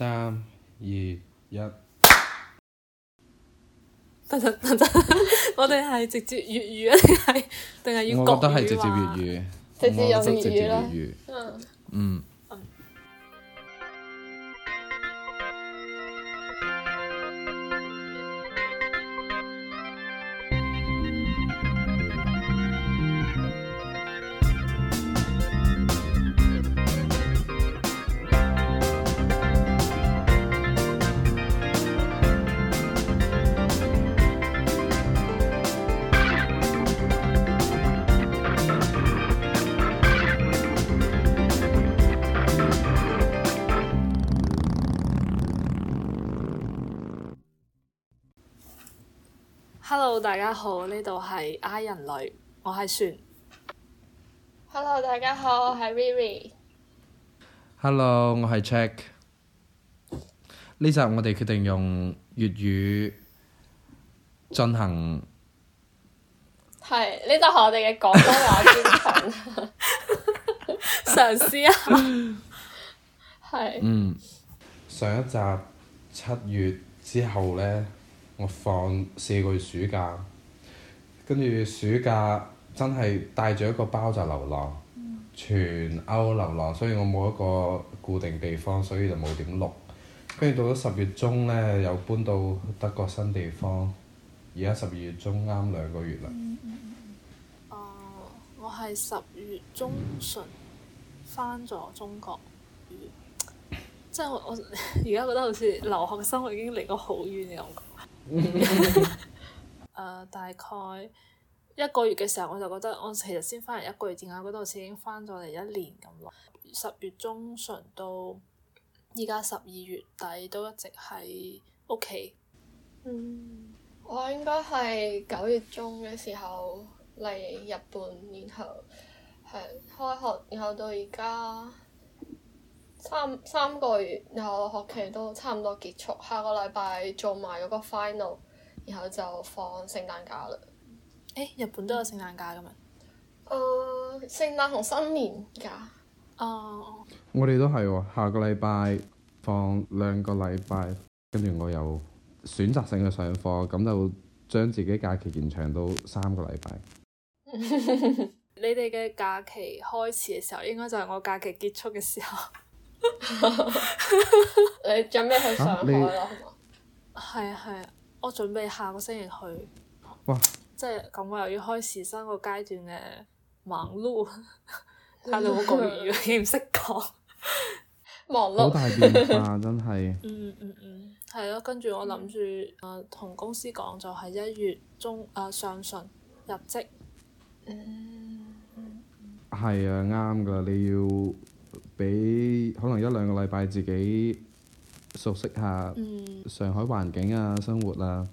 三二一，3, 2, 我哋係直接粵語定係定係要國語話啊？我覺得係直接粵語，直，直接粵語嗯。大家好，呢度係 I 人類，我係玄。Hello，大家好，我係 Riri。Hello，我係 Cheuk。呢集我哋決定用粵語進行。係呢度係我哋嘅廣東話精神，嘗 試一下 是。係。嗯。上一集七月之後呢。我放四個月暑假，跟住暑假真係帶咗一個包就流浪，嗯、全歐流浪。所以我冇一個固定地方，所以就冇點錄。跟住到咗十月中咧，又搬到德國新地方。而家十二月中啱兩個月啦。我係十月中旬返咗中國，嗯、即係我而家覺得好似留學生活已經離我好遠嘅感覺。嗯 uh, 大概一個月嘅時候，我就覺得我其實先翻嚟一個月，點解嗰度已經翻咗嚟一年咁耐？十月中旬到依家十二月底都一直喺屋企。嗯，我應該係九月中嘅時候嚟日本，然後係開學，然後到而家。三三個月，然後學期都差唔多結束，下個禮拜做埋嗰個 final，然後就放聖誕假啦。誒，日本都有聖誕假噶嘛？誒，uh, 聖誕同新年假。Oh. 我哋都係喎、哦，下個禮拜放兩個禮拜，跟住我又選擇性嘅上課，咁就將自己假期延長到三個禮拜。 你哋嘅假期開始嘅時候，應該就係我假期結束嘅時候。你準備去上海咯？係啊，係啊，我準備下個星期去。哇！即係咁，我又要開始新個階段嘅忙碌。吓到我講粵語，你唔識講忙碌。啊，真係。嗯嗯嗯，係咯。跟住我諗住，誒，同公司講就係一月中誒上旬入職。嗯。係啊，啱噶，你要。俾可能一兩個禮拜自己熟悉下上海環境啊、生活啊，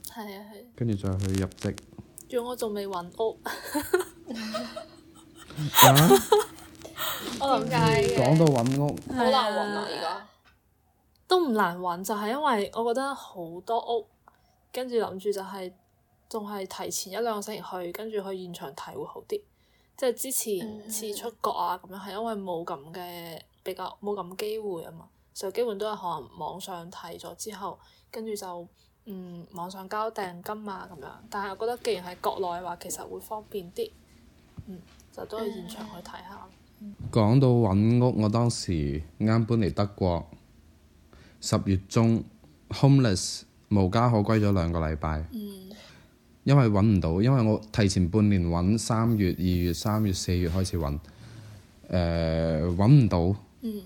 跟住、嗯、再去入職。仲我仲未揾屋，我諗解嘅？講到揾屋，好難揾啊！而家、啊、都唔難揾，就係、是、因為我覺得好多屋，跟住諗住就係仲係提前一兩個星期去，跟住去現場睇會好啲。即、就、係、是、之前次出國啊咁樣，係、嗯、因為冇咁嘅。比較冇咁機會啊嘛，所以基本都係可能網上睇咗之後，跟住就嗯，網上交訂金啊咁樣。但係我覺得既然係國內嘅話，其實會方便啲，嗯，就都去現場去睇下。講到揾屋，我當時啱搬嚟德國，十月中 homeless 無家可歸咗兩個禮拜，嗯，因為揾唔到，因為我提前半年揾，三月、二月、三月、四月開始揾，誒，搵唔到。嗯，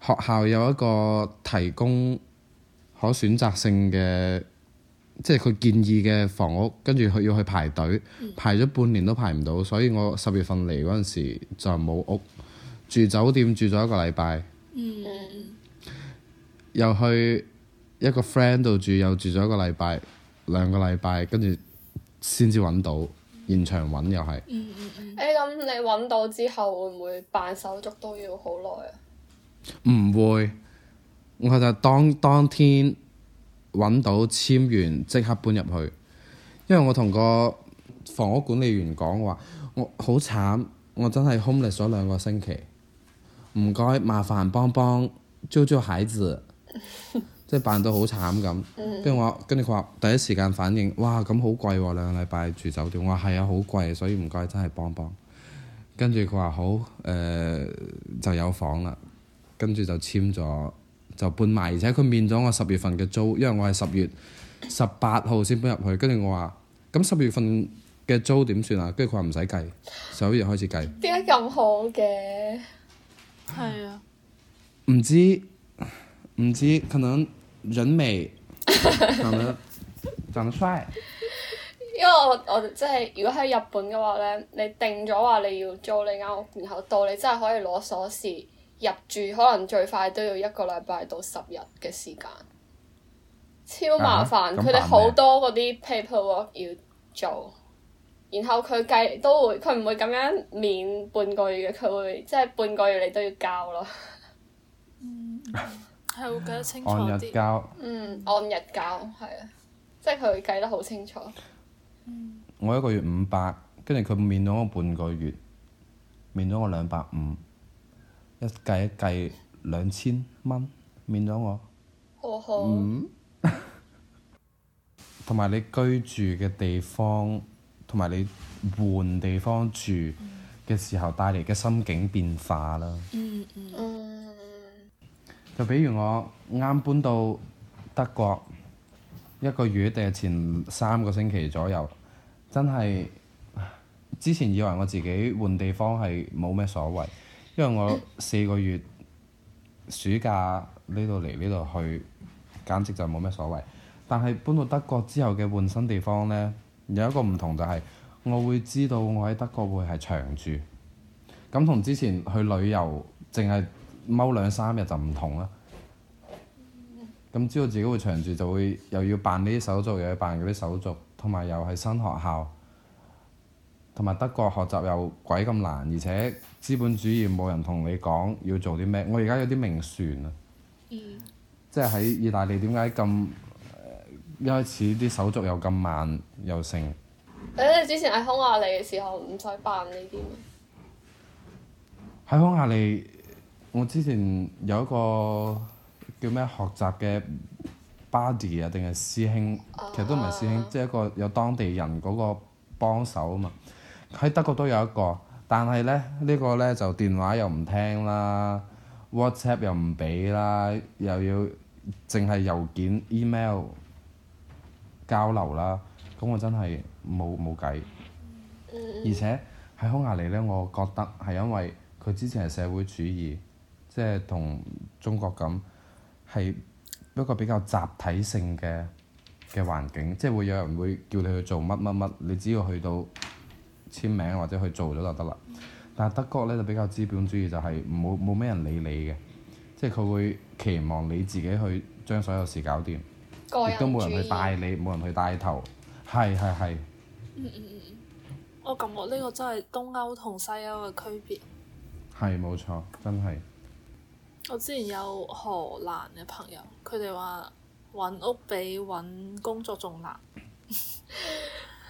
學校有一個提供可選擇性嘅，即係佢建議嘅房屋，跟住佢要去排隊，嗯、排咗半年都排唔到，所以我十月份嚟嗰陣時就冇屋，住酒店住咗一個禮拜，嗯，又去一個 friend 度住又住咗一個禮拜兩個禮拜，跟住先至揾到。現場揾又係，誒咁、欸、你揾到之後會唔會辦手續都要好耐啊？唔會，我就當當天揾到，簽完即刻搬入去，因為我同個房屋管理員講話，我好慘，我真係空嚟咗兩個星期，唔該，麻煩幫幫招招蟹子。 即係辦到好慘咁，跟住我跟住佢話第一時間反應，哇咁好貴喎，兩個禮拜住酒店，我話係啊好貴，所以唔該真係幫幫。跟住佢話好誒、呃、就有房啦，跟住就簽咗就搬埋，而且佢免咗我十月份嘅租，因為我係十月十八號先搬入去，跟住我話咁十月份嘅租點算啊？跟住佢話唔使計，十一月開始計。點解咁好嘅？係啊，唔知唔知可能。人美，長得 因為我我即係如果喺日本嘅話呢，你定咗話你要租呢間屋，然後到你真係可以攞鎖匙入住，可能最快都要一個禮拜到十日嘅時間。超麻煩，佢哋好多嗰啲 paperwork 要做。然後佢計都會，佢唔會咁樣免半個月嘅，佢會即係半個月你都要交咯。 係會計得清楚啲。按日交，嗯，按日交係啊，即係佢計得好清楚。我一個月五百，跟住佢免咗我半個月，免咗我兩百五，一計一計兩千蚊，免咗我。哦好。同埋你居住嘅地方，同埋你換地方住嘅時候帶嚟嘅心境變化啦。嗯。嗯嗯。就比如我啱搬到德國一個月，定係前三個星期左右，真係之前以為我自己換地方係冇咩所謂，因為我四個月暑假呢度嚟呢度去，簡直就冇咩所謂。但係搬到德國之後嘅換新地方咧，有一個唔同就係、是、我會知道我喺德國會係長住，咁同之前去旅遊淨係踎兩三日就唔同啦，咁知道自己會長住，就會又要辦呢啲手續，又要辦嗰啲手續，同埋又係新學校，同埋德國學習又鬼咁難，而且資本主義冇人同你講要做啲咩，我而家有啲明船，啊、嗯，即係喺意大利點解咁一開始啲手續又咁慢又成？誒之前喺匈牙利嘅時候唔使辦呢啲。喺匈牙利。我之前有一個叫咩學習嘅 body 啊，定係師兄，其實都唔係師兄， 即係一個有當地人嗰個幫手啊嘛。喺德國都有一個，但係咧呢、呢個咧就電話又唔聽啦，WhatsApp 又唔畀啦，又要淨係郵件 email 交流啦。咁我真係冇冇計，嗯、而且喺匈牙利咧，我覺得係因為佢之前係社會主義。即係同中國咁係一個比較集體性嘅嘅環境，即係會有人會叫你去做乜乜乜，你只要去到簽名或者去做咗就得啦。但係德國呢，就比較資本主義就，就係冇冇咩人理你嘅，即係佢會期望你自己去將所有事搞掂，亦都冇人去帶你，冇人去帶頭，係係係。嗯嗯嗯嗯，我感覺呢個真係東歐同西歐嘅區別。係冇錯，真係。我之前有荷蘭嘅朋友，佢哋話揾屋比揾工作仲難。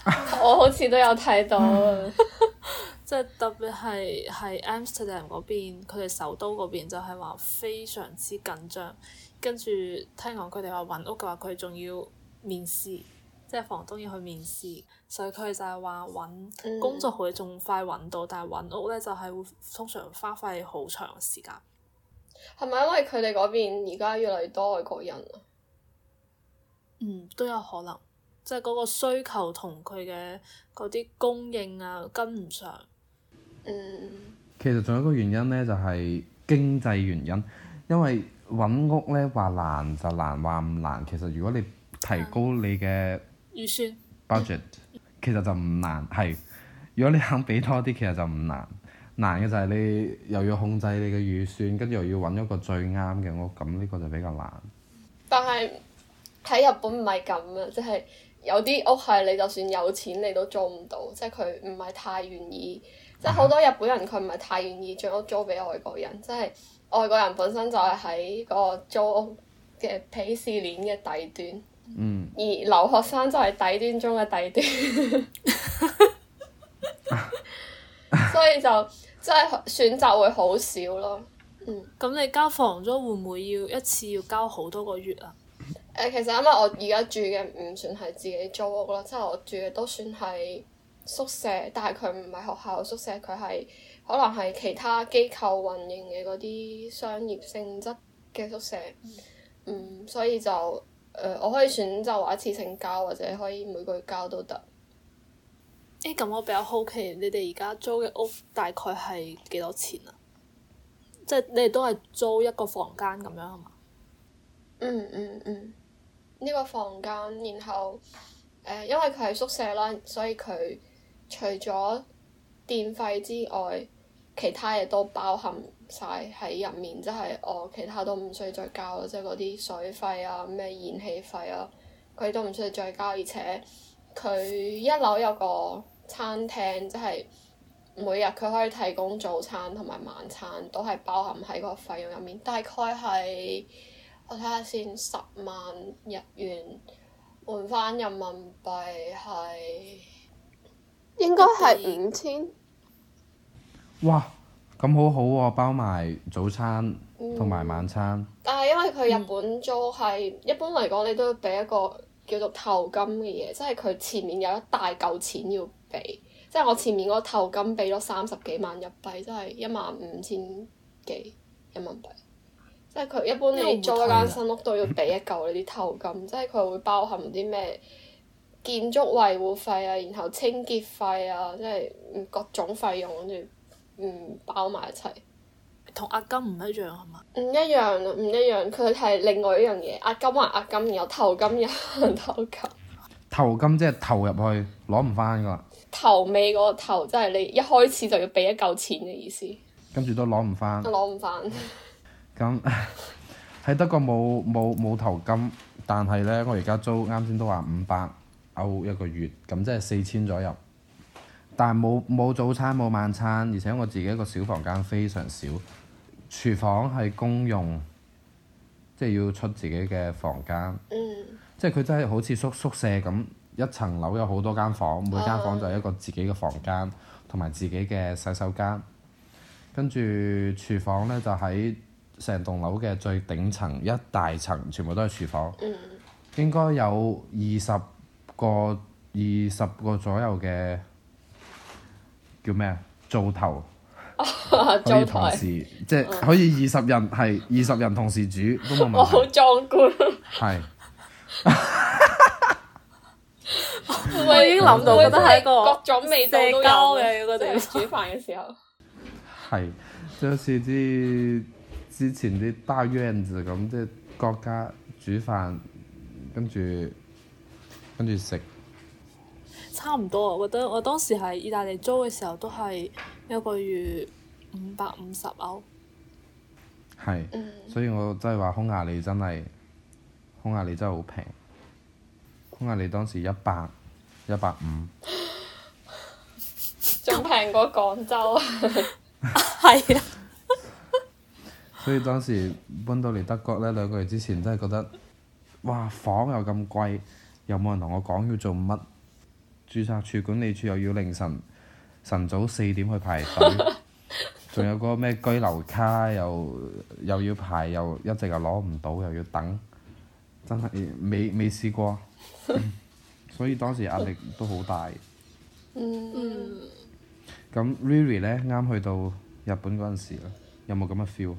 我好似都有睇到，即係特別係係 Amsterdam 嗰邊，佢哋首都嗰邊就係話非常之緊張。跟住聽講，佢哋話揾屋嘅話，佢仲要面試，即係房東要去面試，所以佢哋就係話揾工作好似仲快揾到，嗯、但係揾屋咧就係會通常花費好長時間。係咪因為佢哋嗰邊而家越嚟越多外國人啊？嗯，都有可能，即係嗰個需求同佢嘅嗰啲供應啊跟唔上。嗯。其實仲有一個原因咧，就係、是、經濟原因，因為揾屋咧話難就難，話唔難，其實如果你提高你嘅預 bud、嗯、算 budget， 其實就唔難，係如果你肯俾多啲，其實就唔難。難嘅就係你又要控制你嘅預算，跟住又要揾一個最啱嘅屋，咁呢個就比較難。但係喺日本唔係咁啊，即係有啲屋係你就算有錢你都租唔到，即係佢唔係太願意。即係好多日本人佢唔係太願意將屋租俾外國人，即係外國人本身就係喺嗰個租屋嘅鄙視鏈嘅底端。嗯。而留學生就係底端中嘅底端，所以就。即係選擇會好少咯。嗯，咁你交房租會唔會要一次要交好多個月啊？誒、呃，其實因為我而家住嘅唔算係自己租屋啦，即係我住嘅都算係宿舍，但係佢唔係學校宿舍，佢係可能係其他機構運營嘅嗰啲商業性質嘅宿舍。嗯，嗯。所以就誒、呃，我可以選擇話一次性交，或者可以每個月交都得。誒咁，欸、我比較好奇，你哋而家租嘅屋大概係幾多錢啊？即係你哋都係租一個房間咁樣係嘛、嗯？嗯嗯嗯，呢、呢個房間，然後誒、呃，因為佢係宿舍啦，所以佢除咗電費之外，其他嘢都包含晒喺入面，即、就、係、是、哦，其他都唔需要再交，即係嗰啲水費啊、咩燃氣費啊，佢都唔需要再交，而且。佢一樓有個餐廳，即係每日佢可以提供早餐同埋晚餐，都係包含喺個費用入面。大概係我睇下先，十萬日元換返人民幣係應該係五千。哇！咁好好、啊、喎，包埋早餐同埋晚餐。嗯、但係因為佢日本租係、嗯、一般嚟講，你都要俾一個。叫做頭金嘅嘢，即係佢前面有一大嚿錢要俾，即係我前面嗰個頭金俾咗三十幾萬日幣，即係一萬五千幾人民幣。即係佢一般你租一間新屋都要俾一嚿呢啲頭金，即係佢會包含啲咩建築維護費啊，然後清潔費啊，即係各種費用跟住嗯，包埋一齊。同押金唔一樣係嘛？唔一樣，唔一樣，佢係另外一樣嘢。押金話押金，然後投金又投金。 投金即係投入去，攞唔翻噶。頭尾嗰個頭，即係你一開始就要俾一嚿錢嘅意思。跟住都攞唔翻。攞唔翻。咁喺 德國冇冇冇投金，但係呢，我而家租啱先都話五百歐一個月，咁即係四千左右。但係冇冇早餐，冇晚餐，而且我自己一個小房間非常少。廚房係公用，即係要出自己嘅房間。嗯、即係佢真係好似宿宿舍咁，一層樓有好多間房，每間房就係一個自己嘅房間同埋自己嘅洗手間。跟住廚房咧就喺成棟樓嘅最頂層一大層，全部都係廚房。嗯、應該有二十個二十個左右嘅叫咩啊？灶頭。啊、可以同時，即、就、係、是、可以二十人係二十人同時煮，都冇問題。我好壯觀。係是。 我已經諗到覺得係個各種味道都有嘅，嗰陣煮飯嘅時候。係， 即係好似啲之前啲大院子咁，即係各家煮飯，跟住跟住食。差唔多，我覺得我當時喺意大利租嘅時候都係。一個月五百五十歐，係，嗯、所以我真係話匈牙利真係，匈牙利真係好平，匈牙利當時一百一百五，仲平過廣州，係啊。所以當時搬到嚟德國呢兩個月之前真係覺得，哇房又咁貴，又冇人同我講要做乜，註冊處管理處又要凌晨。晨早四點去排隊，仲 有嗰個咩居留卡又又要排又一直又攞唔到又要等，真係未未試過， 所以當時壓力都好大。嗯。咁 Riri 咧，啱去到日本嗰陣時咧，有冇咁嘅 feel？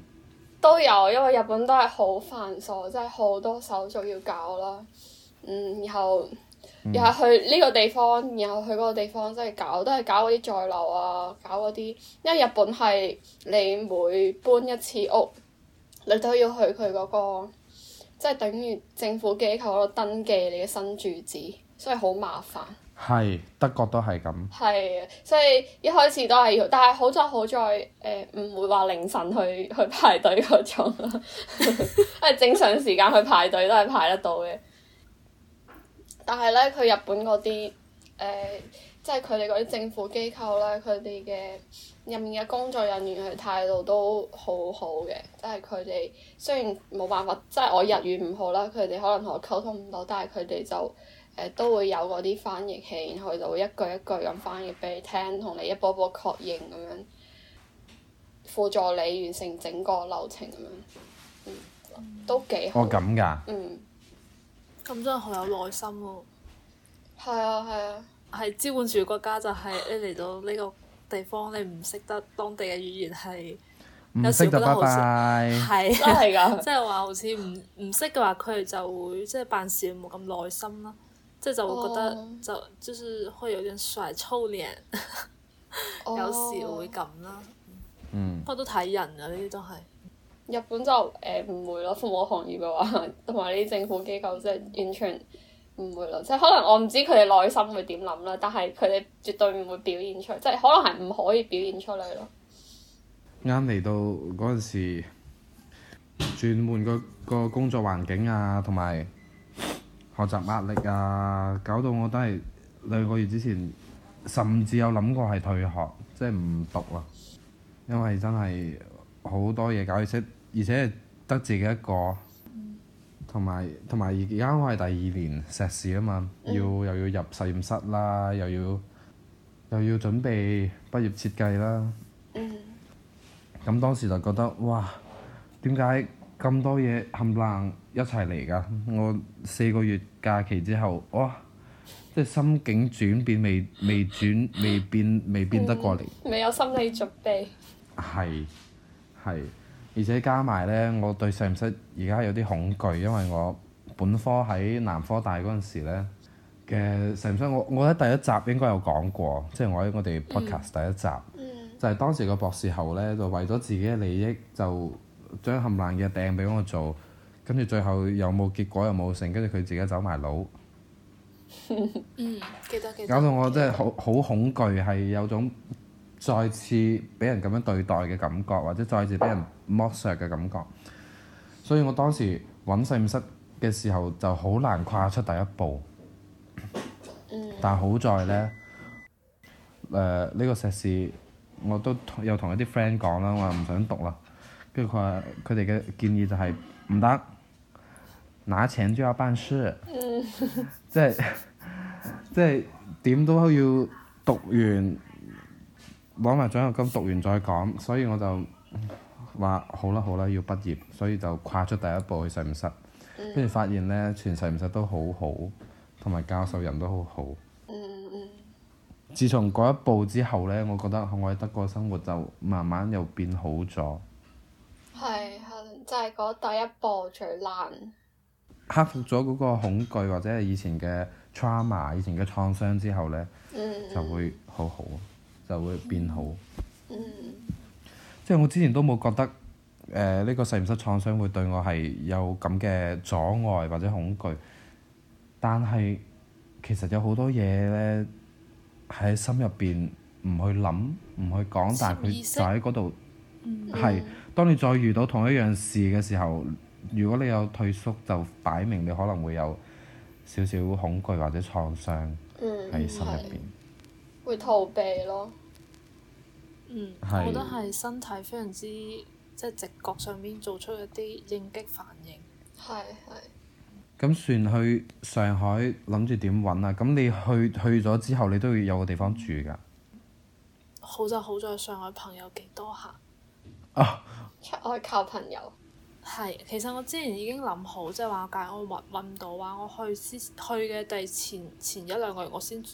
都有，因為日本都係好繁瑣，即係好多手續要搞啦。嗯，然後。又係去呢個地方，然後去嗰個地方，即係搞都係搞嗰啲在留啊，搞嗰啲，因為日本係你每搬一次屋，你都要去佢嗰個，即係等於政府機構度登記你嘅新住址，所以好麻煩。係德國都係咁。係，所以一開始都係要，但係好在好在誒唔會話凌晨去去排隊嗰種，係 正常時間去排隊都係排得到嘅。但係咧，佢日本嗰啲誒，即係佢哋嗰啲政府機構咧，佢哋嘅入面嘅工作人員嘅態度都好好嘅，即係佢哋雖然冇辦法，即係我日語唔好啦，佢哋可能同我溝通唔到，但係佢哋就誒、呃、都會有嗰啲翻譯器，然後就會一句一句咁翻譯俾你聽，同你一波波確認咁樣，輔助你完成整個流程咁樣，嗯，嗯都幾好。哦，咁㗎。嗯。咁真係好有耐心咯、哦，係啊係啊，係招揾住國家就係、是、你嚟到呢個地方，你唔識得當地嘅語言係，唔識懂得，有時覺得好似，係拜是真係㗎，即係話好似唔唔識嘅話，佢哋就會即係、就是、辦事冇咁耐心啦，即、就、係、是、就會覺得、oh. 就即、就是、可以有啲甩粗臉， 有時會咁啦，不過、oh. 嗯、都睇人啊，呢啲都係。日本就誒唔會咯，服務行業嘅話，同埋呢啲政府機構即係完全唔會咯。即係可能我唔知佢哋內心會點諗啦，但係佢哋絕對唔會表現出，即係可能係唔可以表現出嚟咯。啱嚟到嗰陣時，轉換個,個工作環境啊，同埋學習壓力啊，搞到我都係兩個月之前，甚至有諗過係退學，即係唔讀啊，因為真係好多嘢搞到識。而且得自己一個，同埋同埋而而家我係第二年碩士啊嘛，嗯、要又要入實驗室啦，又要又要準備畢業設計啦。咁、嗯、當時就覺得哇，點解咁多嘢冚唪唥一齊嚟㗎？我四個月假期之後，哇！即、就、係、是、心境轉變未未轉未變未變得過嚟、嗯，未有心理準備，係係。而且加埋呢，我對實驗室而家有啲恐懼，因為我本科喺南科大嗰陣時呢嘅實驗室，我我喺第一集應該有講過，即係我喺我哋 podcast 第一集，嗯、就係當時個博士後呢，就為咗自己嘅利益，就將冚爛嘅掟俾我做，跟住最後又冇結果又冇成，跟住佢自己走埋佬，嗯，搞到我真係好得好，好恐懼，係有種，再次畀人咁樣對待嘅感覺，或者再次畀人剝削嘅感覺，所以我當時揾實驗室嘅時候就好難跨出第一步。嗯、但好在呢，誒、呃、呢、呢個碩士我都又同一啲 friend 講啦，我話唔想讀啦。跟住佢話，佢哋嘅建議就係唔得，拿錢就要辦事，即係即係點都要讀完。攞埋獎學金讀完再講，所以我就話好啦好啦，要畢業，所以就跨出第一步去實驗室，跟住、嗯、發現呢，全實驗室都好好，同埋教授人都好好。嗯嗯、自從嗰一步之後呢，我覺得我喺德國生活就慢慢又變好咗。係，即係嗰第一步最難。克服咗嗰個恐懼或者係以前嘅 trauma、以前嘅創傷之後呢，嗯、就會好好。就會變好。嗯嗯、即係我之前都冇覺得，誒、呃、呢、這個實驗室創傷會對我係有咁嘅阻礙或者恐懼，但係其實有好多嘢呢，喺心入邊唔去諗唔去講，但係佢就喺嗰度。嗯。係是，嗯、當你再遇到同一樣事嘅時候，如果你有退縮，就擺明你可能會有少少恐懼或者創傷喺心入邊、嗯。會逃避咯。嗯，是我覺得係身體非常之即係直覺上邊做出一啲應激反應。係係。咁、嗯、Xuan 去上海，諗住點揾啊？咁你去去咗之後，你都要有個地方住噶。好就好在上海朋友幾多下。啊！出外靠朋友。係，其實我之前已經諗好，即係話我介我揾唔到啊！我去先去嘅第前前一兩個月，我先住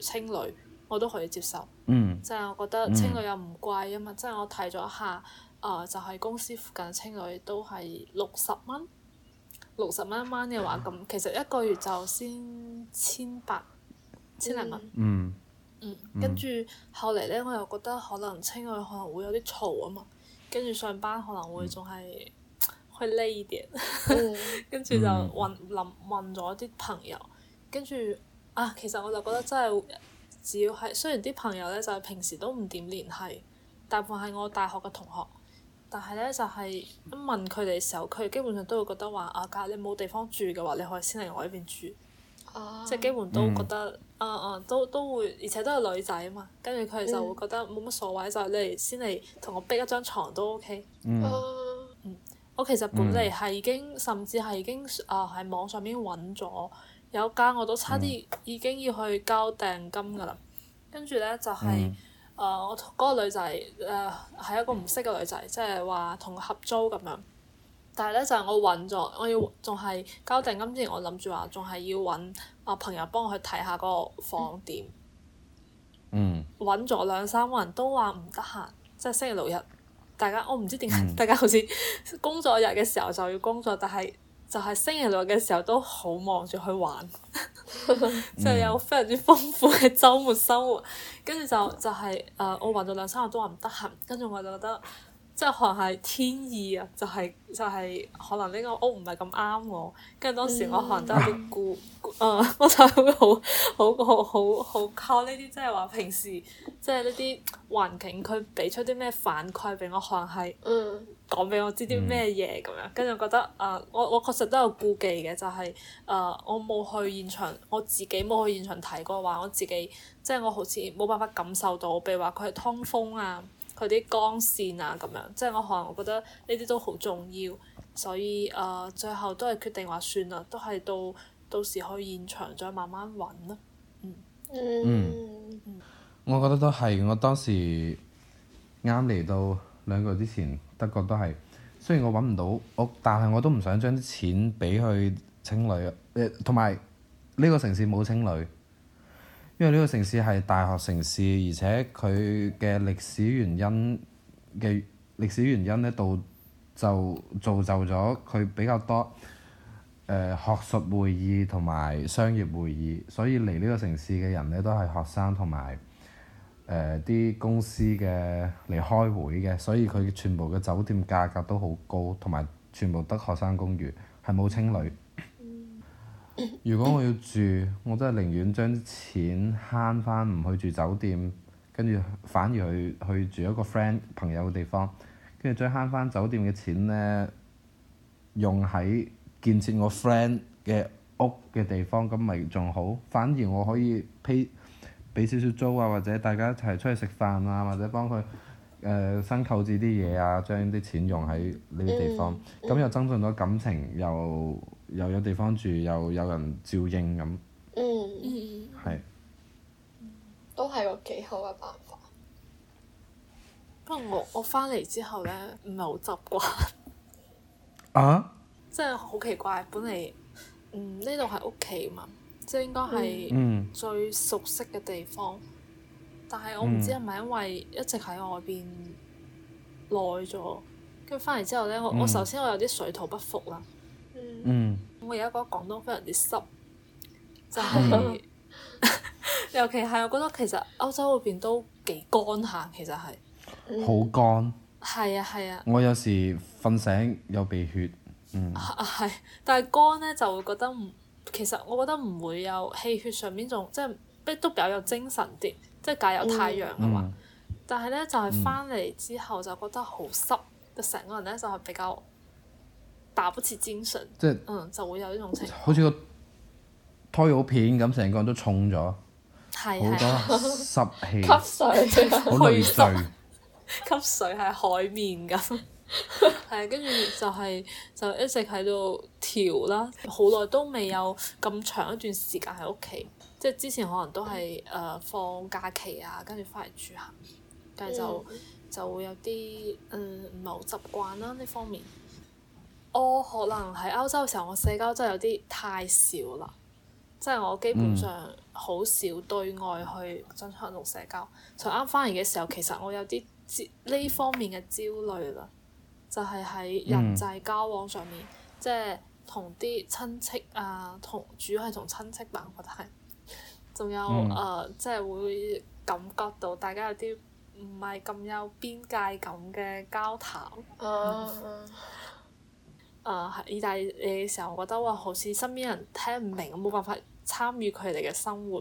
青旅。我都可以接受，即係、嗯、我覺得青旅又唔貴啊嘛！即係、嗯、我睇咗一下，誒、呃、就係、是、公司附近嘅青旅都係六十蚊，六十蚊一晚嘅話，咁其實一個月就先千八、嗯、千零蚊、嗯嗯。嗯。跟住後嚟咧，我又覺得可能青旅可能會有啲嘈啊嘛，跟住上班可能會仲係，會累啲。 跟住就問、嗯、問問咗啲朋友，跟住啊，其實我就覺得真係。只要係雖然啲朋友咧就係、是、平時都唔點聯繫，大部分係我大學嘅同學，但係咧就係、是、一問佢哋嘅時候，佢哋基本上都會覺得話啊，假如你冇地方住嘅話，你可以先嚟我呢邊住，uh, 即係基本都覺得、mm. 啊啊都都會，而且都係女仔啊嘛，跟住佢哋就會覺得冇乜所謂，就係、是、你先嚟同我逼一張床都 OK。Mm. Uh, 嗯、我其實本嚟係已經、mm. 甚至係已經啊喺網上邊揾咗。有間我都差啲已經要去交訂金噶啦，跟住、嗯、呢，就係、是，誒、嗯呃、我同嗰個女仔誒係一個唔識嘅女仔，即係話同佢合租咁樣。但係呢，就係、是、我揾咗，我要仲係交訂金之前，我諗住話仲係要揾啊朋友幫我去睇下嗰個房點、嗯。嗯。揾咗兩三個人，都話唔得閒，即、就、係、是、星期六日，大家我唔知點解、嗯、大家好似工作日嘅時候就要工作，但係。就係星期六嘅時候都好忙住去玩， 就有非常之豐富嘅周末生活，跟住就就係、是、誒、呃、我玩咗兩三個鐘話唔得閒，跟住我就覺得。即係、就係就係、可能係天意啊！就係，就係，可能呢個屋唔係咁啱我，跟住當時我可能都有啲顧，誒、嗯嗯，我就會、啊、好好好好好靠呢啲即係話平時即係呢啲環境，佢俾出啲咩反饋俾我、嗯我，呃、我，可能係講俾我知啲咩嘢咁樣，跟住覺得誒，我我確實都有顧忌嘅，就係、是、誒、呃、我冇去現場，我自己冇去現場睇過話，我自己即係我好似冇辦法感受到，比如話佢係通風啊。佢啲光線啊，咁樣，即係我可能我覺得呢啲都好重要，所以誒、呃，最後都係決定話算啦，都係到到時去現場再慢慢揾啦。嗯。嗯。我覺得都係，我當時啱嚟到兩個月之前，德國都係，雖然我揾唔到屋，但係我都唔想將啲錢畀去青旅同埋呢個城市冇青旅。因為呢個城市係大學城市，而且佢嘅歷史原因嘅歷史原因呢，到就造就咗佢比較多誒、呃、學術會議同埋商業會議，所以嚟呢個城市嘅人呢，都係學生同埋誒啲公司嘅嚟開會嘅，所以佢全部嘅酒店價格都好高，同埋全部得學生公寓，係冇青旅。如果我要住，我真係寧願將啲錢慳翻，唔去住酒店，跟住反而去去住一個 friend 朋友嘅地方，跟住再慳翻酒店嘅錢呢，用喺建設我 friend 嘅屋嘅地方，咁咪仲好。反而我可以批俾少少租啊，或者大家一齊出去食飯啊，或者幫佢誒、呃、新購置啲嘢啊，將啲錢用喺呢個地方，咁又增進咗感情又。又有地方住，又有人照應咁。嗯，係是、嗯。都係個幾好嘅辦法。不過我我翻嚟之後咧，唔係好習慣。 啊？即係好奇怪，本嚟嗯呢度係屋企嘛，即係應該係、嗯嗯、最熟悉嘅地方。但係我唔知係咪因為一直喺外邊耐咗，跟住翻嚟之後咧，我我首先我有啲水土不服啦。嗯，我而家覺得廣東非常之濕，就係、是嗯、 尤其係我覺得其實歐洲嗰邊都幾乾下。其實係好、嗯、乾，係啊係啊。啊我有時瞓醒有鼻血，嗯，係，但係乾呢就會覺得唔，其實我覺得唔會有氣血上面仲即係都比較有精神啲，即係假日有太陽啊嘛。嗯嗯、但係呢，就係翻嚟之後就覺得好濕，成、嗯、個人呢就係、是、比較。打不起精神，即係嗯，就會有呢種情況，好似個胎好片咁，成個人都重咗，好是多濕氣 水，吸水，好悶，吸水係海面咁，係啊、就是，跟住就係就一直喺度調啦，好耐都未有咁長一段時間喺屋企，即係之前可能都係誒、呃、放假期啊，跟住翻嚟住下，但係就就，就會有啲嗯唔係好習慣啦呢方面。我、oh, 可能喺歐洲嘅時候，我社交真係有啲太少啦，即係我基本上好少對外去進行一種社交。就啱返嚟嘅時候，其實我有啲呢方面嘅焦慮啦，就係、是、喺人際交往上面，嗯、即係同啲親戚啊，同主要係同親戚吧，我覺得係，仲有誒，即係會感覺到大家有啲唔係咁有邊界感嘅交談。嗯 啊，係、uh, 意大利嘅時候，我覺得哇，好似身邊人聽唔明，冇辦法參與佢哋嘅生活。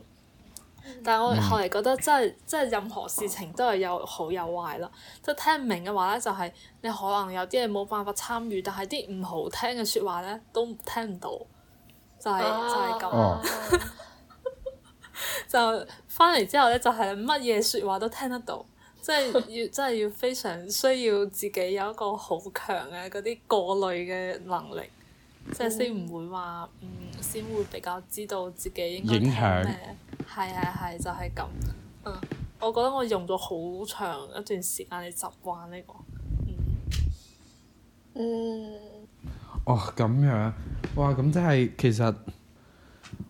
但係我後嚟覺得真係，真係任何事情都係有好有壞啦。即係聽唔明嘅話咧，就係、是、你可能有啲嘢冇辦法參與，但係啲唔好聽嘅説話咧，都聽唔到。就係就係咁。就翻、是、嚟、oh, oh. 之後咧，就係乜嘢説話都聽得到。 即係要，即係要非常需要自己有一個好強嘅嗰啲過濾嘅能力，即係先唔會話，嗯，先會比較知道自己影響咩？係係係，就係咁。嗯。我覺得我用咗好長一段時間嚟習慣呢個。嗯。嗯哦，咁樣，哇！咁即係其實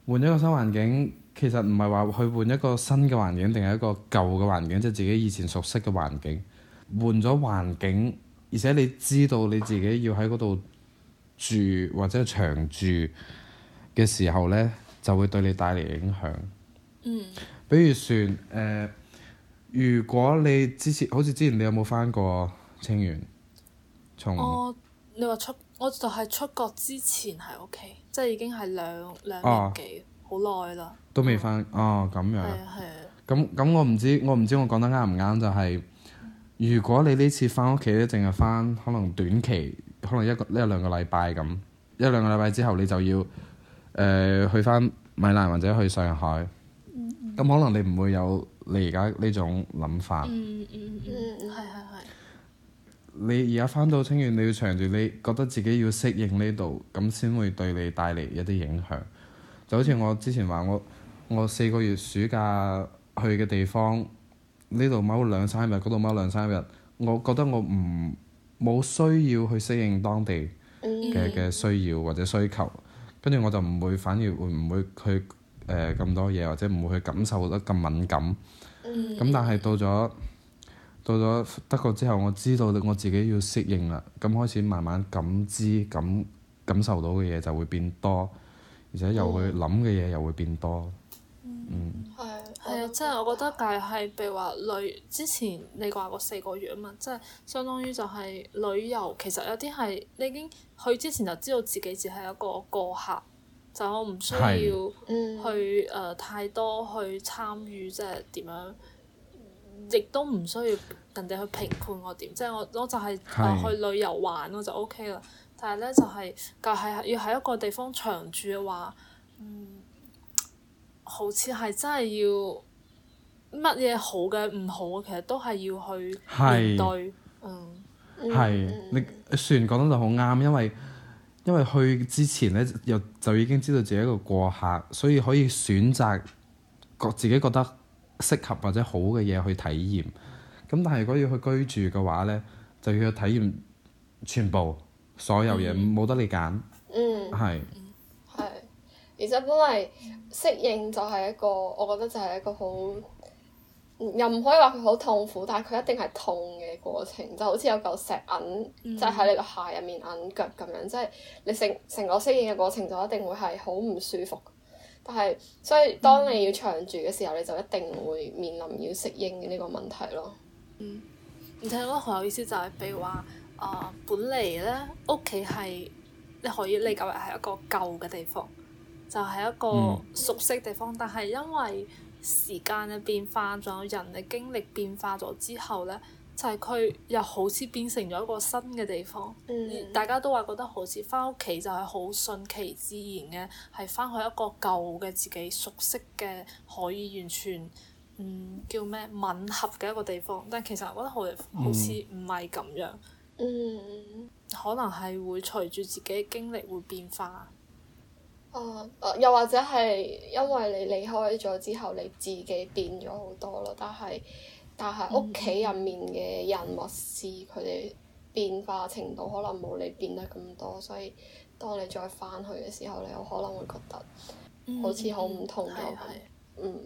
換一個新環境。其實唔係話去換一個新嘅環境，定係一個舊嘅環境，即係自己以前熟悉嘅環境。換咗環境，而且你知道你自己要喺嗰度住或者長住嘅時候呢，就會對你帶嚟影響。嗯，比如說誒、呃，如果你之前好似之前你有有、哦，你有冇返過清遠？我，你話出我就係出國之前喺屋企，即係已經係兩兩年幾好耐啦，哦都未翻哦，咁樣咁咁，我唔知我唔知我講得啱唔啱，就係如果你呢次翻屋企咧，淨係翻可能短期，可能一個一兩個禮拜咁，一兩個禮拜之後你就要誒去翻米蘭或者去上海，咁可能你唔會有你而家呢種諗法。嗯嗯嗯，係係係。你而家翻到清遠，你要長住，你覺得自己要適應呢度，咁先會對你帶嚟一啲影響。就好似我之前話我。我四個月暑假去嘅地方，呢度踎兩三日，嗰度踎兩三日。我覺得我唔冇需要去適應當地嘅嘅需要或者需求，跟住我就唔會反而會唔會去誒咁、呃、多嘢，或者唔會去感受得咁敏感。咁、嗯、但係到咗到咗德國之後，我知道我自己要適應啦。咁開始慢慢感知感感受到嘅嘢就會變多，而且又會諗嘅嘢又會變多。嗯，係啊，係啊，即係我覺得如，但係譬如話旅之前你話個四個月啊嘛，即係相當於就係旅遊，其實有啲係你已經去之前就知道自己只係一個過客，就唔需要去誒是、呃、太多去參與，即係點樣，亦都唔需要人哋去評判我點，即係我我就係是呃去旅遊玩我就 OK 啦。但係咧就係，但係要喺一個地方長住嘅話，嗯。好似係真係要乜嘢好嘅、唔好嘅，其實都係要去面對。係，嗯，係你算係講得就好啱，因為因為去之前咧，又就，就已經知道自己一個過客，所以可以選擇覺自己覺得適合或者好嘅嘢去體驗。咁但係如果要去居住嘅話咧，就要去體驗全部所有嘢，嗯，冇得你揀。嗯，係。而且本嚟適應就係一個，我覺得就係一個好，又唔可以話佢好痛苦，但係佢一定係痛嘅過程，就好似有嚿石銀，嗯、即係喺你個鞋入面揞腳咁樣，即係你成成個適應嘅過程就一定會係好唔舒服。但係，所以當你要長住嘅時候，嗯、你就一定會面臨要適應嘅呢個問題咯。嗯，而且我好有意思就係、是，譬如話，啊、呃，本嚟呢屋企係你可以理解為係一個舊嘅地方。就係一個熟悉地方，嗯、但係因為時間嘅變化，仲有人嘅經歷變化咗之後咧，就係、是、佢又好似變成咗一個新嘅地方。嗯、大家都話覺得好似翻屋企就係好順其自然嘅，係翻去一個舊嘅自己熟悉嘅，可以完全嗯叫咩吻合嘅一個地方。但其實我覺得好好似唔係咁樣。嗯、可能係會隨住自己嘅經歷會變化。啊！Uh, 又或者係因為你離開咗之後，你自己變咗好多咯。但係但係屋企入面嘅人或事，佢哋、嗯、變化程度可能冇你變得咁多，所以當你再翻去嘅時候，你有可能會覺得好似好唔同咁。嗯，係、嗯的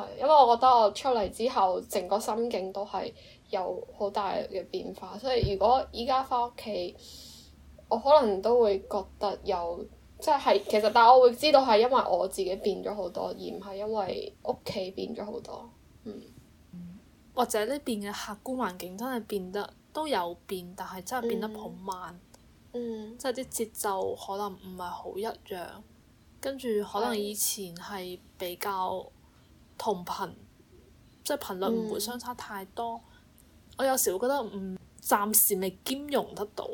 嗯、因為我覺得我出嚟之後，整個心境都係有好大嘅變化。所以如果依家翻屋企，我可能都會覺得有。即係其實，但係我會知道係因為我自己變咗好多，而唔係因為屋企變咗好多。嗯，或者呢邊嘅客觀環境真係變得都有變，但係真係變得好慢。嗯，嗯，即係啲節奏可能唔係好一樣，跟住可能以前係比較同頻，的即係頻率唔會相差太多。嗯，我有時會覺得，嗯，暫時未兼容得到。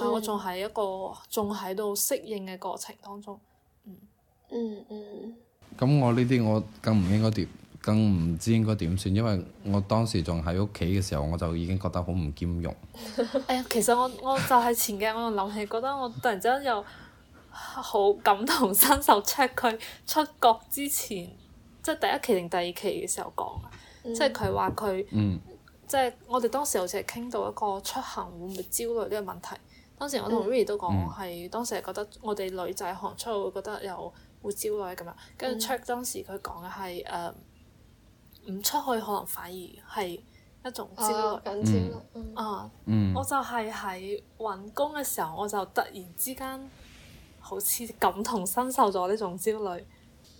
我仲喺一個仲喺度適應嘅過程當中，嗯嗯嗯。咁我呢啲我更唔應該點，更唔知應該點算，因為我當時仲喺屋企嘅時候，我就已經覺得好唔兼容。誒，其實我我就係前日 我又諗起，覺得我突然之間又好感同身受 Cheuk 佢出國之前，即係第一期定第二期嘅時候講，即係佢話佢，即係、嗯、我哋當時好似係傾到一個出行會唔會焦慮呢個問題。當時我同 Riri 都講，係、嗯、當時係覺得我哋女仔可能出，去會覺得有會焦慮咁樣。跟住 Cheuk 當時佢講嘅係誒，唔、uh，出去可能反而係一種焦慮。哦、緊焦慮咯，啊，我就係喺揾工嘅時候，我就突然之間好似感同身受咗呢種焦慮。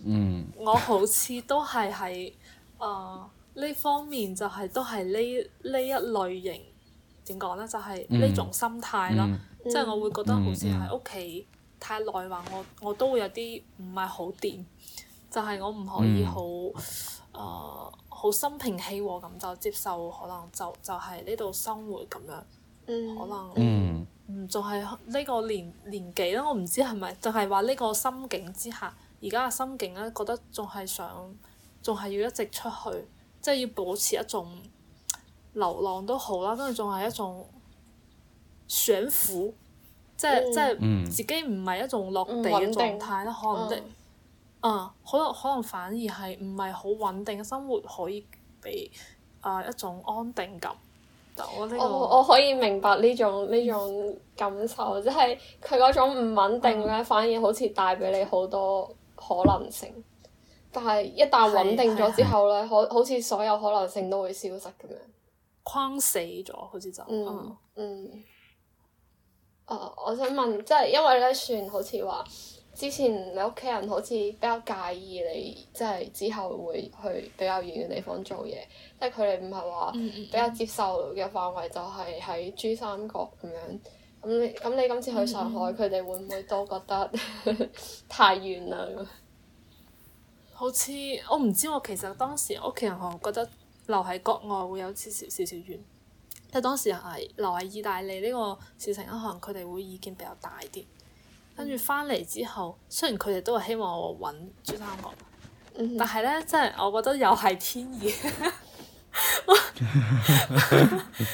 嗯、我好似都係喺誒呢方面、就係，就係都係呢呢一類型點講咧，就係、係、呢種心態啦。嗯嗯嗯、即係我會覺得好似喺屋企太耐話，嗯、我我都會有啲唔係好掂，就係、是、我唔可以好誒好心平氣和咁就接受可能就就係呢度生活咁樣，嗯、可能嗯仲係呢個年年紀啦，我唔知係咪就係話呢個心境之下而家嘅心境咧，覺得仲係想仲係要一直出去，即、就、係、是、要保持一種流浪都好啦，跟住仲係一種。上浮，即係、嗯、即係自己唔係一種落地嘅狀態咧，可能啲，可能、嗯嗯、可能反而係唔係好穩定嘅生活可以俾、呃、一種安定感。我、這個、我，我可以明白呢種呢、嗯、種感受，即係佢嗰種唔穩定咧，反而好似帶俾你好多可能性。嗯、但係一旦穩定咗之後咧，可好似所有可能性都會消失咁樣，框死咗，好似就嗯。嗯嗯啊、哦！我想問，即係因為咧，算好似話之前你屋企人好似比較介意你，即係之後會去比較遠嘅地方做嘢，即係佢哋唔係話比較接受嘅範圍，就係喺珠三角咁樣。咁你咁你今次去上海，佢哋、嗯、會唔會都覺得 太遠啦？好似我唔知，我其實當時屋企人可能覺得留喺國外會有少少少少遠。即係當時係留喺意大利呢個事情咧，可能佢哋會意見比較大啲。跟住翻嚟之後，雖然佢哋都係希望我揾珠三角，嗯、哼但係咧，即係我覺得又係天意。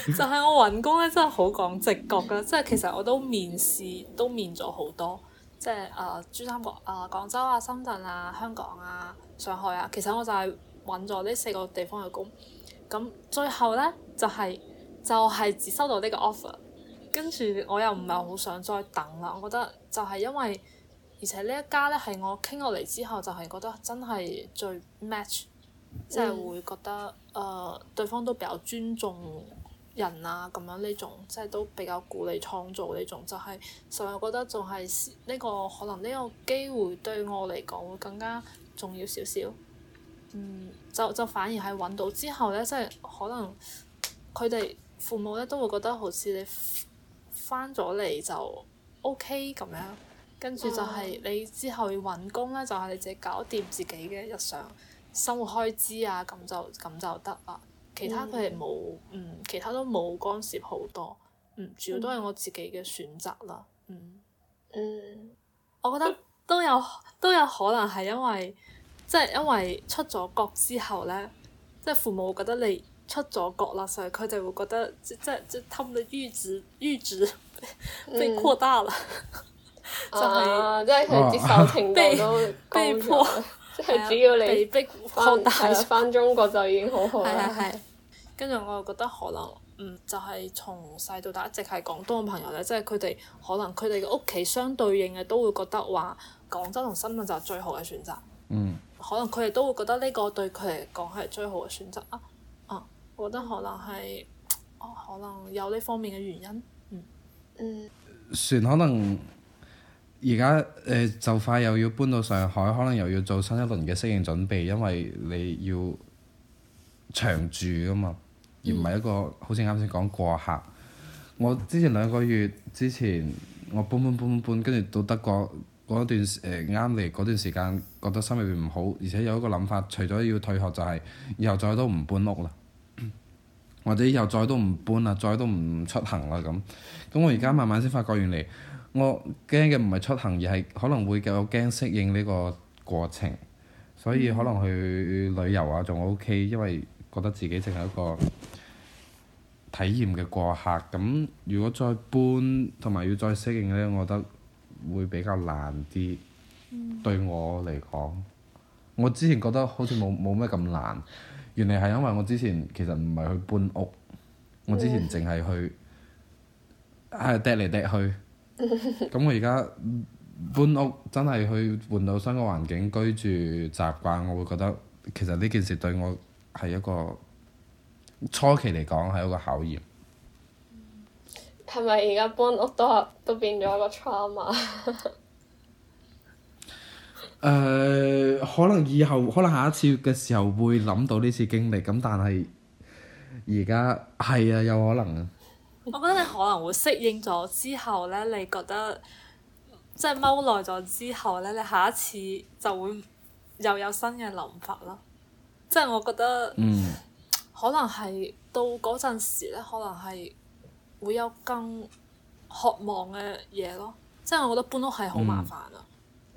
就係我揾工咧，真係好講直覺㗎。即係其實我都面試都面咗好多，即係誒珠三角、誒、呃、廣州啊、深圳啊、香港啊、上海啊。其實我就係揾咗呢四個地方嘅工。咁最後咧，就係、係。就係只收到呢個 offer，跟住我又唔係好想再等啦。我覺得就係因為，而且呢一家呢係我傾落嚟之後，就係覺得真係最 match，即係、嗯、會覺得誒、呃、對方都比較尊重人啊咁樣呢種，即係都比較鼓勵創造呢種，就係所以我覺得仲係呢個可能呢個機會對我嚟講會更加重要少少。嗯，就就反而係揾到之後呢，即係可能佢哋。父母咧都會覺得好似你翻咗嚟就 OK 咁樣，跟住就係你之後要揾工咧，就係、是、你自己搞掂自己嘅日常生活開支啊，咁就咁就得啦。其他佢哋冇，嗯，嗯，其他都冇干涉好多，嗯，主要都係我自己嘅選擇啦，嗯。嗯，我覺得都有都有可能係因為，即、就、係、是、因為出咗國之後咧，即、就、係、是、父母覺得你。出咗國啦，所以佢哋會覺得即即即他們的閾值閾值被擴大啦，就係即係接受停， 被都高即係只要你被迫擴大翻、啊、中國就已經好好。係係。跟住我又覺得可能嗯，就係從細到大一直係廣東嘅朋友咧，即係佢哋可能佢哋嘅屋企相對應嘅都會覺得話廣州同深圳就係最好嘅選擇。嗯。可能佢哋都會覺得呢個對佢嚟講係最好嘅選擇啊。我覺得可能係，哦，可能有呢方面嘅原因。嗯，嗯，船可能而家誒，就快又要搬到上海，可能又要做新一輪嘅適應準備，因為你要長住噶嘛，而唔係一個好似啱先講過客。嗯，我之前兩個月之前，我搬搬搬搬搬，跟住到德國嗰段誒啱嚟嗰段時間，覺得心裏邊唔好，而且有一個諗法，除咗要退學，就係，就係以後再都唔搬屋啦。或者又再都唔搬啦，再都唔出行啦咁。咁我而家慢慢先發覺，原嚟，我驚嘅唔係出行，而係可能會有驚適應呢個過程。所以可能去旅遊啊仲 OK，因為覺得自己淨係一個體驗嘅過客。咁如果再搬同埋要再適應咧，我覺得會比較難啲。對我嚟講，我之前覺得好似冇冇咩咁難。原嚟係因為我之前其實唔係去搬屋，我之前淨係去係趯嚟趯去，咁我而家搬屋真係去換到新嘅環境居住習慣，我會覺得其實呢件事對我係一個初期嚟講係一個考驗。係咪而家搬屋都係都變咗一個 trauma？ 誒、uh, 可能以後，可能下一次嘅時候會諗到呢次經歷咁，但係而家係啊，有可能啊。我覺得你可能會適應咗之後呢，你覺得即係踎耐咗之後呢，你下一次就會又有，有新嘅諗法咯。即係我覺得，嗯、可能係到嗰陣時呢，可能係會有更渴望嘅嘢咯。即係我覺得搬屋係好麻煩啊。嗯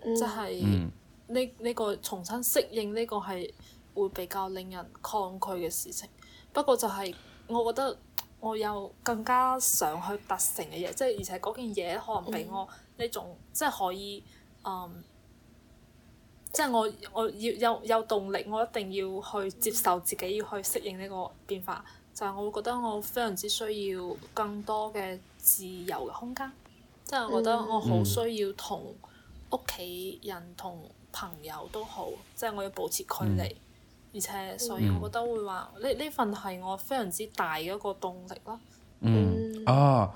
即係呢呢個重新適應，呢個係會比較令人抗拒嘅事情。不過就係我覺得我有更加想去達成嘅嘢，即係而且嗰件嘢可能俾我呢、嗯、種即係可以嗯，即係我我要有有動力，我一定要去接受自己、嗯、要去適應呢個變化。就係我會覺得我非常之需要更多嘅自由嘅空間。即係我覺得我好需要同，屋企人同朋友都好，即係我要保持距離，嗯，而且所以我覺得會話呢呢份係我非常之大嘅一個動力咯。嗯，哦，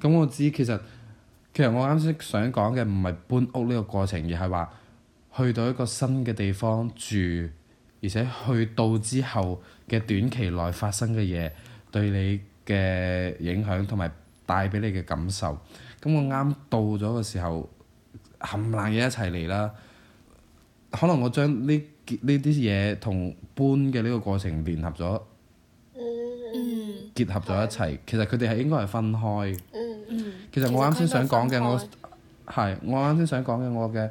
咁我知，其實其實我啱先想講嘅唔係搬屋呢個過程，而係話去到一個新嘅地方住，而且去到之後嘅短期內發生嘅嘢對你嘅影響同埋帶俾你嘅感受。咁我啱到咗嘅時候。冚冷嘢一齊嚟啦！可能我將呢呢啲嘢同搬嘅呢個過程聯合、嗯、結合咗，結合咗一齊。其實佢哋係應該係分開。嗯、其實我啱先想講嘅開，我係我啱先想講嘅，我嘅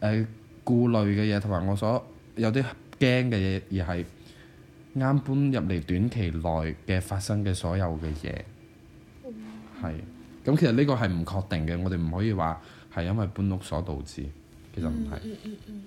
誒顧慮嘅嘢，同埋我所有啲驚嘅嘢，而係啱搬入嚟短期內嘅發生嘅所有嘅嘢，係咁、嗯。其實呢個係唔確定嘅，我哋唔可以話。係因為搬屋所導致，其實唔係。我、嗯嗯嗯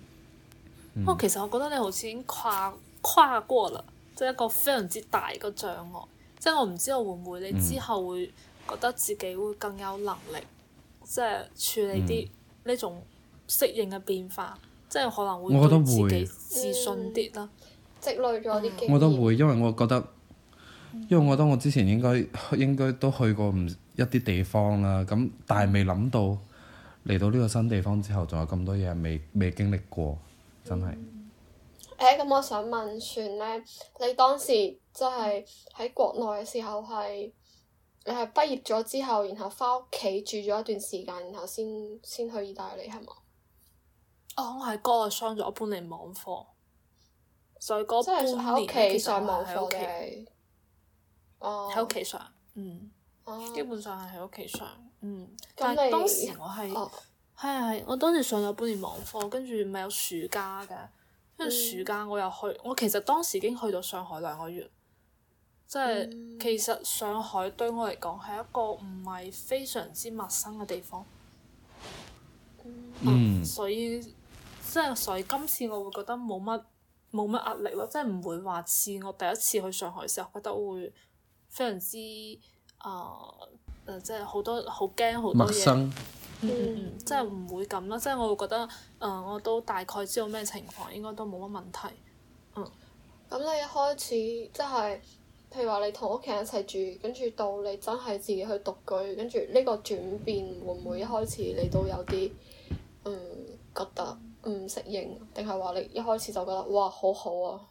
嗯哦、其實我覺得你好似已經跨跨過啦，即係一個非常之大嘅障礙。即係我唔知道會唔會你之後會覺得自己會更有能力，嗯、即係處理啲呢種適應嘅變化，嗯、即係可能會自己自信啲啦，積累咗啲經驗。我都會，因為我覺得，因為我覺得我之前應該應該都去過唔一啲地方啦，咁但係未諗到。嚟到呢個新地方之後，仲有咁多嘢未未經歷過，真係。誒、嗯，咁、欸、我想問，玄咧，你當時即係喺國內嘅時候係，你係畢業咗之後，然後翻屋企住咗一段時間，然後先先去意大利係嘛？哦，我係嗰個上咗，半年網課，所以嗰即係半年。喺屋企上網，喺屋企。哦，喺屋企上。嗯，啊、基本上係喺屋企上。嗯，你但係當時我係係係，我當時上咗半年網課，跟住咪有暑假嘅，跟住暑假我又去，嗯、我其實當時已經去到上海兩個月，即係、嗯、其實上海對我嚟講係一個唔係非常之陌生嘅地方，嗯、啊，所以即係所以今次我會覺得冇乜冇乜壓力咯，即係唔會話似我第一次去上海嘅時候覺得會非常之啊～、呃即係好多好驚好多嘢陌生、嗯，嗯，即係唔會咁咯。即係我會覺得誒、呃，我都大概知道咩情況，應該都冇乜問題。咁、嗯、你一開始即係譬如話你同屋企人一齊住，跟住到你真係自己去獨居，跟住呢個轉變會唔會一開始你都有啲嗯覺得唔適應，定係話你一開始就覺得哇好好啊？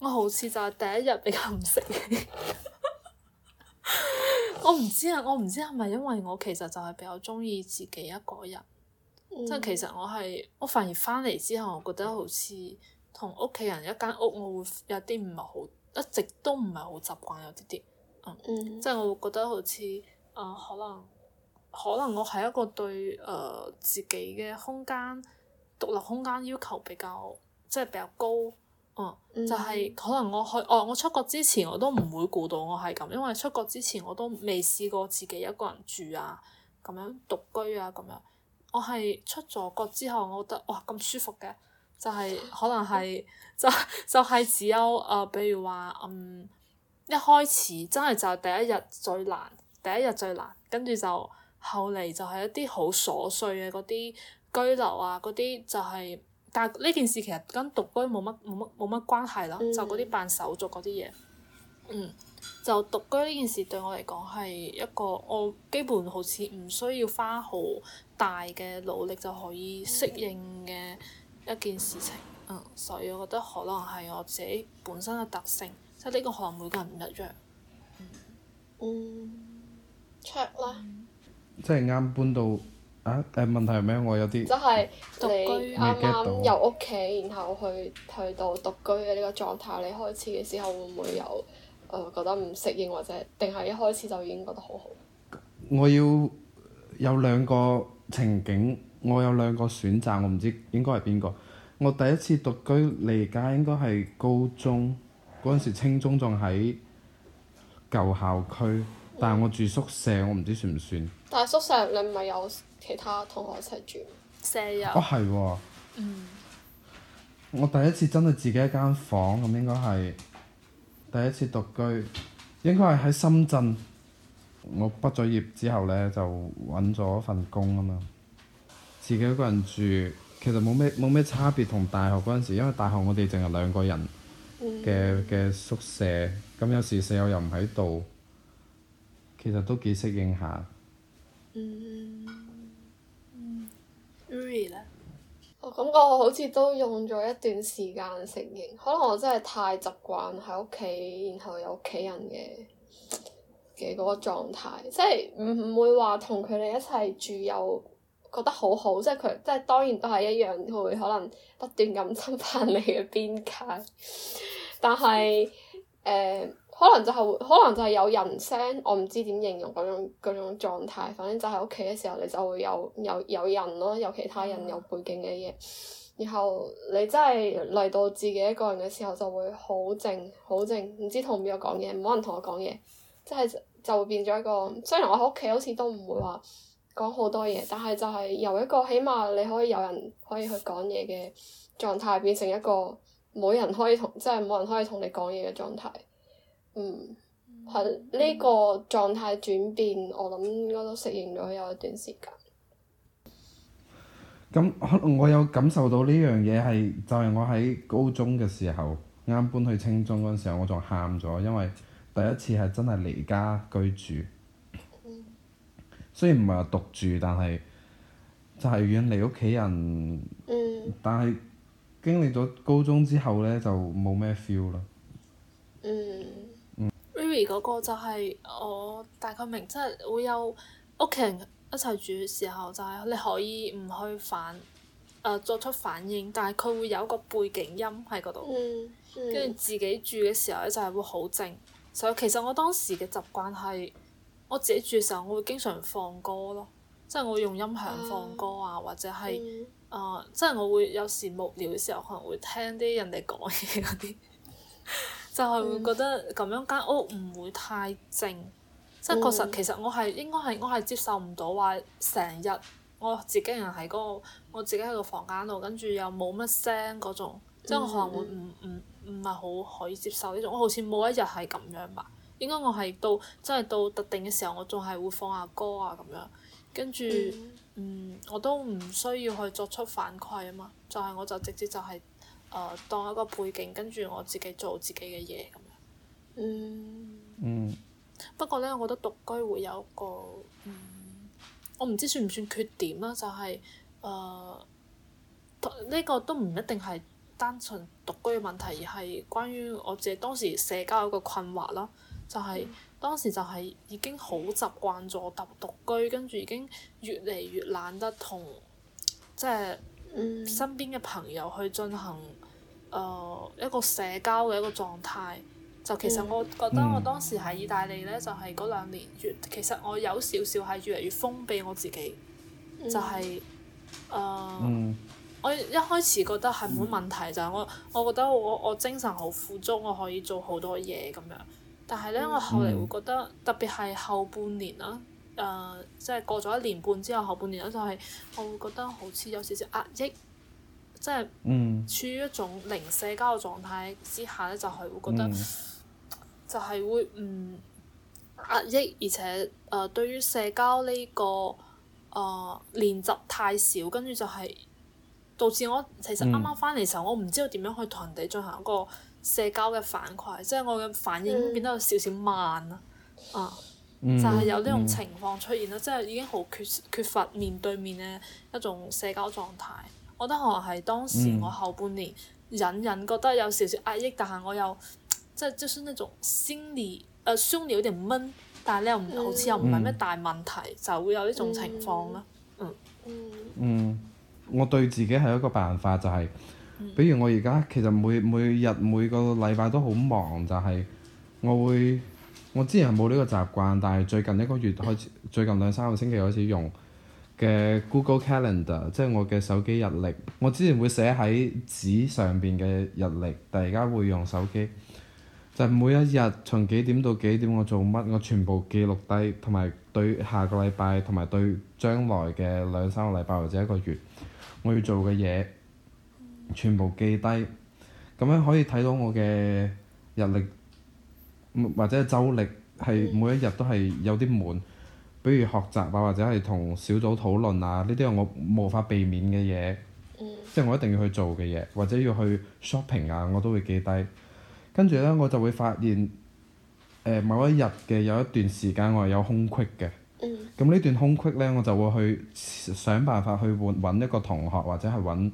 我好似就係第一日比較唔適應。 我唔知啊，我唔知係咪因為我其實就係比較中意自己一個人，嗯、即係其實我係我反而翻嚟之後，我覺得好似同屋企人一間屋，我會有啲唔係好，一直都唔係好習慣有啲啲，嗯嗯、即係我會覺得好似誒、呃、可能可能我係一個對誒、呃、自己嘅空間獨立空間要求比較即係比較高。嗯，就係可能我去，我、哦、我出國之前我都唔會估到我係咁，因為出國之前我都未試過自己一個人住啊，咁樣獨居啊咁樣。我係出咗國之後，我覺得哇咁舒服嘅，就係、是、可能係就就係、是、只有誒、呃，比如話嗯，一開始真係就第一日最難，第一日最難，跟住就後嚟就係一啲好瑣碎嘅嗰啲居留啊，嗰啲就係、是。但係呢件事其實跟獨居冇乜冇乜冇乜關係啦，嗯、就嗰啲辦手續嗰啲嘢。嗯。就獨居呢件事對我嚟講係一個我基本好似唔需要花好大嘅努力就可以適應嘅一件事情。嗯，嗯。所以我覺得可能係我自己本身嘅特性，即係呢個可能每個人唔一樣。嗯。Cheuk、嗯、啦。嗯、即係啱搬到。啊！誒、呃、問題係咩？我有啲即係獨居你啱啱由屋企，然後去去到獨居嘅呢個狀態，你開始嘅時候會唔會有誒、呃、覺得唔適應，或者定係一開始就已經覺得好好？我要有兩個情景，我有兩個選擇，我唔知應該係邊個。我第一次獨居離家應該係高中嗰陣時，青中仲喺舊校區，嗯、但係我住宿舍，我唔知算唔算。嗯、但係宿舍你唔係有？其他同學一齊住，室友入。哦，係喎。嗯、我第一次真係自己一間房咁，應該係第一次獨居。應該係喺深圳，我畢咗業之後呢，就揾咗份工啊嘛，自己一個人住，其實冇咩冇咩差別同大學嗰陣時，因為大學我哋淨係兩個人嘅嘅，嗯、宿舍，咁有時舍友又唔喺度，其實都幾適應下。嗯我感覺我好似都用咗一段時間適應，可能我真係太習慣喺屋企，然後有屋企人嘅嘅嗰個狀態，即係唔唔會話同佢哋一齊住又覺得好好，即係佢即係當然都係一樣會可能不斷咁侵犯你嘅邊界，但係誒。 呃可能就係可能就係有人聲，我唔知點形容嗰種嗰種狀態。反正就喺屋企嘅時候，你就會有有有人咯，有其他人，有背景嘅嘢。嗯、然後你真係嚟到自己一個人嘅時候就、就係就，就會好靜好靜，唔知同邊個講嘢，冇人同我講嘢。真係就變咗一個。雖然我喺屋企好似都唔會話講好多嘢，但係就係由一個起碼你可以有人可以去講嘢嘅狀態，變成一個冇人可以同即係冇人可以同你講嘢嘅狀態。嗯，喺、這、呢個狀態轉變，我諗應該都適應咗有一段時間。咁我有感受到呢樣嘢係就係、是、我喺高中嘅時候啱搬去青中嗰陣時候，我仲喊咗，因為第一次係真係離家居住。嗯、雖然唔係話獨住，但係就係遠離屋企人。嗯、但係經歷咗高中之後呢，就冇咩 feel 啦。嗯。嗰個就係我大概明，即、就、係、是、會有屋企人一齊住嘅時候，就係、是、你可以唔去反誒、呃、作出反應，但係佢會有一個背景音喺嗰度。跟住、嗯嗯、自己住嘅時候咧，就係會好靜。所以其實我當時嘅習慣係我自己住嘅時候，我會經常放歌咯，即、就、係、是、我會用音響放歌啊，或者係誒，即係、嗯呃就是、我會有時無聊嘅時候，可能會聽啲人哋講嘢嗰啲。 就係會覺得咁樣間、嗯、屋唔會太靜，嗯、即係確實其實我係應該係我係接受唔到話成日我自己人喺嗰、嗰個，我自己喺個房間度跟住又冇乜聲嗰種，嗯、即係我可能會唔唔唔係好可以接受呢種，我好似冇一日係咁樣吧，應該我係到即係、即係、到特定嘅時候我仲係會放下歌啊咁樣，跟住嗯、嗯我都唔需要去作出反饋啊嘛，就係、係、我就直接就係、係。誒當一個背景，跟住我自己做自己嘅嘢咁樣。嗯。嗯。不過呢，我覺得獨居會有一個，嗯、我唔知算唔算缺點啦，就係、係、誒，呢、呃呢個都唔一定係單純獨居嘅問題，而係關於我自己當時社交一個困惑啦。就係、係、當時就係已經好習慣咗獨獨居，跟住已經越嚟越懶得同，即係。身邊嘅朋友去進行，誒、呃、一個社交嘅一個狀態，嗯、就其實我覺得我當時喺意大利咧，嗯、就係嗰兩年越其實我有少少係越嚟越封閉我自己，就係誒，我一開始覺得係冇問題，嗯、就係我我覺得我我精神好富足，我可以做好多嘢咁樣，但係咧、嗯嗯、我後嚟會覺得特別係後半年啦。誒，即係、呃就是、過咗一年半之後，後半年咧就係、是、我會覺得好似有少少壓抑，即、就、係、是、處於一種零社交嘅狀態之下咧，就係、是、會覺得就係會唔壓抑，而且誒、呃、對於社交呢、這個誒練習太少，跟住就係導致我其實啱啱翻嚟嘅時候，嗯、我唔知道點樣去同人哋進行一個社交嘅反饋，即、就、係、是、我嘅反應變得有少少慢、嗯、啊。嗯、就係有呢種情況出現咯，嗯、即係已經好缺，缺乏面對面嘅一種社交狀態。我覺得可能係當時我後半年隱隱、嗯、覺得有少，少少壓抑，但係我又即係就算呢種心理，誒心理有點悶，但係你又唔、嗯、好似又唔係咩大問題，嗯、就會有呢種情況咯。嗯嗯，我對自己係一個辦法，就係、是、比如我而家其實每每，每日每個禮拜都好忙，就係、是、我會。我之前係冇呢個習慣，但係最近一個月開始，最近兩三個星期開始用嘅 Google Calendar，即係我嘅手機日曆。我之前會寫喺紙上邊嘅日曆，但而家會用手機，就係每一日從幾點到幾點我做乜，我全部記錄低，同埋對下個禮拜，同埋對將來嘅兩三個禮拜或者一個月，我要做嘅嘢全部記低，咁樣可以睇到我嘅日曆。或者周歷係每一日都係有啲悶，嗯、比如學習啊，或者係同小組討論啊，呢啲係我無法避免嘅嘢，嗯、即係我一定要去做嘅嘢，或者要去 shopping 啊，我都會記低。跟住呢，我就會發現，呃、某一日嘅有一段時間我係有空隙嘅，咁呢、嗯、段空隙呢，我就會去想辦法去換揾一個同學或者係揾、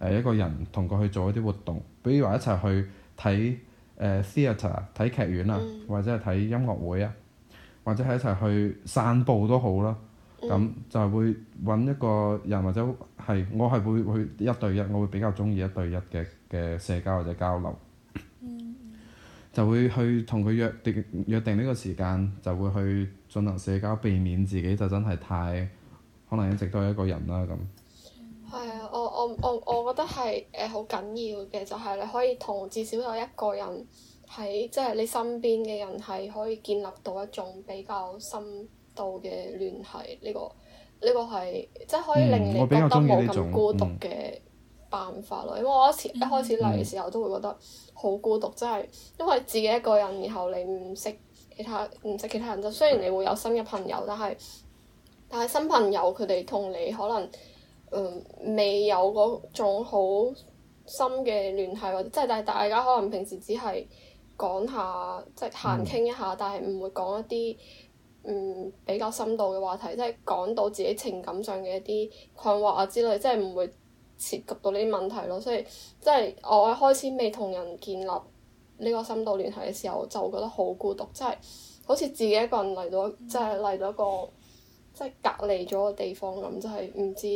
呃、一個人同佢去做一啲活動，比如話一齊去睇。誒、uh, theatre 睇劇院啊，嗯、或者係睇音樂會啊，或者係一齊去散步都好啦。咁、嗯、就係會揾一個人或者係我係會去一對一，我會比較鍾意一對一嘅嘅社交或者交流，嗯、就會去同佢約定約定呢個時間，就會去進行社交，避免自己就真係太可能一直都係一個人啦、啊、咁。我我我覺得係誒好緊要嘅，就係、是、你可以同至少有一個人喺即係你身邊嘅人係可以建立到一種比較深度嘅聯繫。呢、這個呢、這個係即係可以令你覺得冇咁孤獨嘅辦法咯。嗯嗯、因為我一始、嗯、一開始嚟嘅時候都會覺得好孤獨，真、就、係、是、因為自己一個人，然後你唔識其他唔識其他人。就雖然你會有新嘅朋友，但係但係新朋友佢哋同你可能。嗯，未有嗰種好深嘅聯繫，或者即係但大家可能平時只係講下，即係閒傾一下，就是一下嗯、但係唔會講一啲嗯比較深度嘅話題，即、就、係、是、講到自己情感上嘅一啲困惑啊之類，即係唔會涉及到呢啲問題咯。所以即係、就是、我一開始未同人建立呢個深度聯繫嘅時候，就覺得好孤獨，即、就、係、是、好似自己一個人嚟到，即係嚟到一個。即係隔離咗個地方咁，就係唔知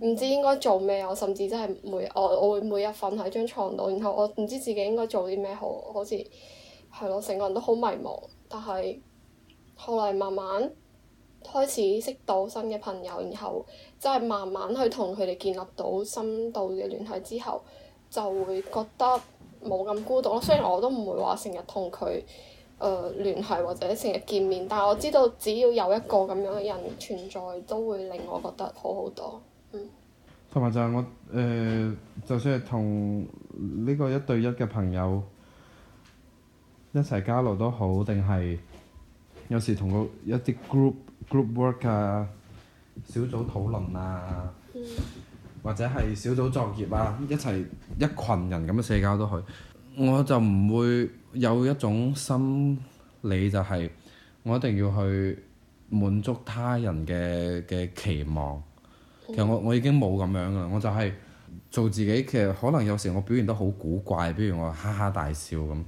唔知，嗯，應該做咩啊！我甚至真係每我我會每日瞓喺張床度，然後我唔知自己應該做啲咩好，好似係咯，成個人都好迷茫。但係後嚟慢慢開始識到新嘅朋友，然後即係慢慢去同佢哋建立到深度嘅聯繫之後，就會覺得冇咁孤獨咯。雖然我都唔會話成日同佢。誒、呃、聯繫或者成日見面，但係我知道只要有一個咁樣嘅人存在，都會令我覺得好好多。同、嗯、埋就係我誒、呃，就算係同呢個一對一嘅朋友一齊交流都好，定係有時同個一啲 group group work 啊、 小組討論啊，嗯、或者係小組作業啊，一齊一群人咁樣社交都可以。我就唔會有一種心理就係、是、我一定要去滿足他人嘅嘅期望。其實我我已經冇咁樣噶啦，我就係做自己。其實可能有時我表現得好古怪，比如我哈哈大笑咁，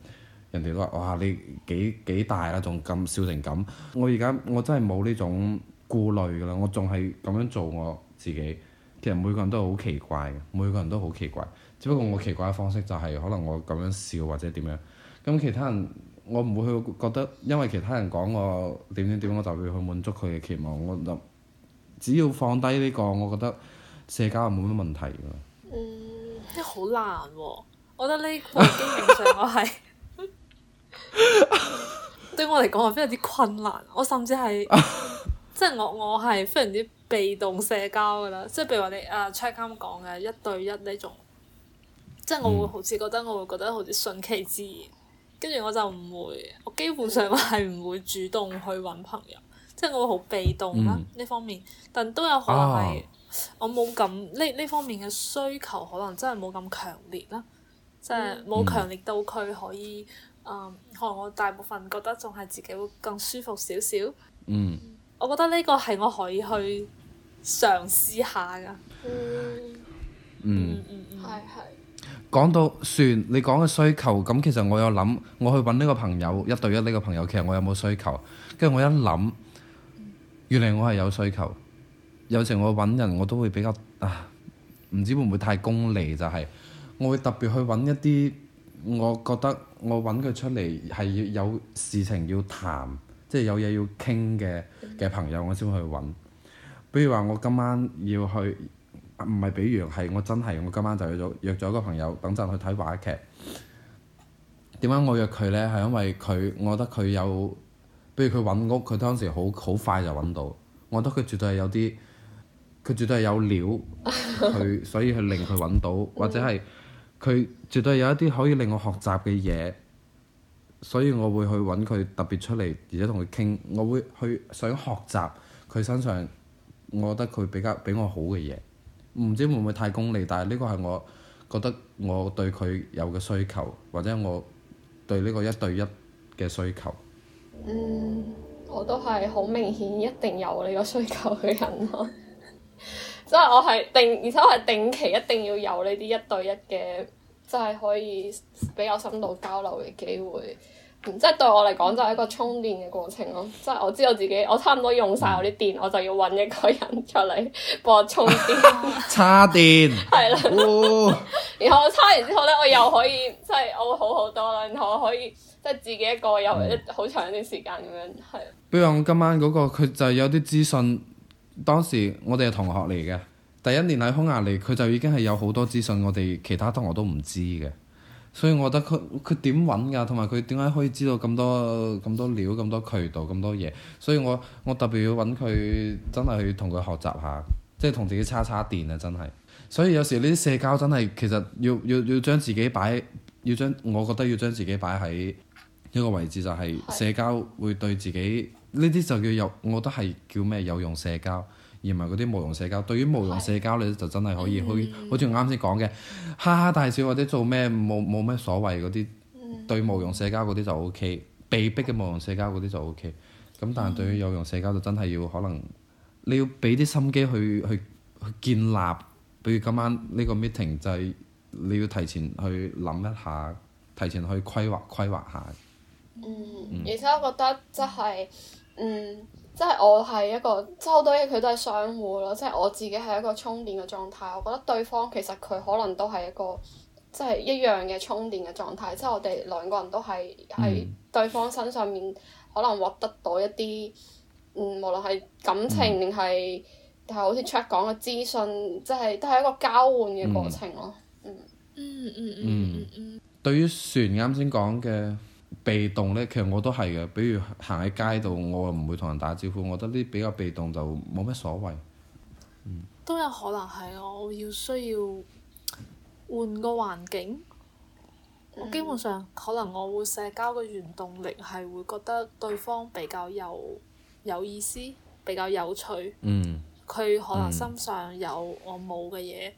人哋都話：哇，你幾幾大啦、啊，仲咁笑成咁！我而家我真係冇呢種顧慮噶啦，我仲係咁樣做我自己。其實每個人都好奇怪嘅，每個人都好奇怪。只不過我奇怪嘅方式就係可能我咁樣笑或者點樣，咁其他人我唔會去覺得，因為其他人講我點點點，我就會去滿足佢嘅期望。我就只要放低呢、這個，我覺得社交係冇乜問題嘅。嗯，呢好難喎、哦！我覺得呢個經驗上我係 對我嚟講係非常之困難。我甚至係 即係我我係非常之被動社交㗎啦。即係譬如話你啊 Cheuk 啱講嘅一對一呢種。即係我會好似覺得我會覺得好似順其自然，跟住我就唔會，我基本上我係唔會主動去揾朋友，即係我會好被動啦，啊，嗯，呢方面。但都有可能係，我冇咁呢呢方面嘅需求，可能真係冇咁強烈啦，啊，嗯，即係冇強烈到佢可以，嗯，嗯，可能我大部分覺得仲係自己會更舒服少少。嗯，我覺得呢個係我可以去嘗試下噶。嗯嗯嗯，係，係。講到算，你講嘅需求，咁其實我有諗，我去揾呢個朋友，一對一呢個朋友，其實我有冇需求？跟住我一諗，原來我係有需求。有時我揾人，我都會比較啊，唔知會唔會太功利？就係我會特別去揾一啲，我覺得我揾佢出嚟係要有事情要談，即係有嘢要傾嘅嘅朋友，我先會去揾。比如話，我今晚要去。唔係比喻，係我真係，我今晚就去咗約咗一個朋友，等陣去睇話劇。點解我約佢咧？係因為佢，我覺得佢有，比如佢揾屋，佢當時好好快就揾到。我覺得佢絕對係有啲，佢絕對係有料，佢所以去令佢揾到， 或者係佢絕對有一啲可以令我學習嘅嘢，所以我會去揾佢特別出嚟，而且同佢傾，我會去想學習佢身上，我覺得佢比較比我好嘅嘢。唔知會唔會太功利，但係呢個係我覺得我對佢有嘅需求，或者我對呢個一對一嘅需求。嗯，我都係好明顯一定有呢個需求嘅人咯，即 係我係定，而且我係定期一定要有呢啲一對一嘅，即係可以比較深度交流嘅機會。即係對我嚟講，就係一個充電嘅過程咯。即係我知道自己，我差唔多用晒我啲電，嗯、我就要揾一個人出嚟幫我充電， 插電。係啦 的。哦、然後插完之後呢，我又可以即係、就是、我會好好多啦。然後我可以即係自己一個又好長一段時間咁樣係。比是的如我今晚嗰、那個佢就有啲資訊，當時我哋係同學嚟嘅，第一年喺匈牙利，佢就已經係有好多資訊，我哋其他同學都唔知嘅。所以我覺得佢佢點揾㗎，同埋佢點解可以知道咁多咁多料、咁多渠道、咁多嘢？所以我我特別要揾佢，真係去同佢學習下，即係同自己叉叉電啊！真係。所以有時呢啲社交真係其實要要要將自己擺，要將我覺得要將自己擺喺一個位置，就係社交會對自己呢啲就叫有，我覺得係叫咩有用社交。而唔係嗰啲無用社交，對於無用社交是你就真係可以，去、嗯、好似我啱先講嘅，哈哈大笑或者做咩冇冇咩所謂嗰啲，嗯、對無用社交嗰啲就 O、OK, K，被逼嘅無用社交嗰啲就 O K。咁但係對於有用社交就真係要可能，你要俾啲心機去去去建立。比如今晚呢個 meeting 就係、是、你要提前去諗一下，提前去規劃規劃下嗯嗯。嗯，而且我覺得即係，嗯。即係我係一個，即係好多嘢佢都係相互咯。即係我自己係一個充電嘅狀態，我覺得對方其實佢可能都係一個，即係一樣嘅充電嘅狀態。即係我哋兩個人都係係對方身上面可能獲得到一啲，嗯，無論係感情定係，但係、嗯、好似 Cheuk 講嘅資訊，即係都係一個交換嘅過程咯。嗯嗯嗯嗯嗯嗯，對於玄啱先講嘅。被動呢，其實我都係嘅。比如行喺街度，我又唔會同人打招呼。我覺得呢比較被動就冇咩所謂。嗯、都有可能係我要需要換個環境。嗯、我基本上可能我會社交嘅原動力係會覺得對方比較有有意思，比較有趣。佢、嗯、可能身上有我冇嘅嘢，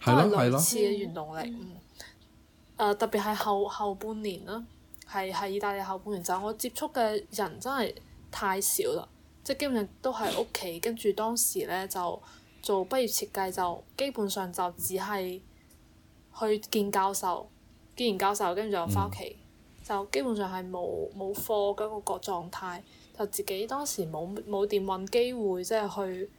係咯係咯，類似嘅原動力誒、呃、特別係後後半年啦，係係意大利後半年就我接觸嘅人真係太少啦，即係基本上都喺屋企，跟住當時呢就做畢業設計就基本上就只係去見教授，見完教授跟住就翻屋企，嗯、就基本上係冇冇課嗰個狀態，就自己當時冇冇點揾機會即係去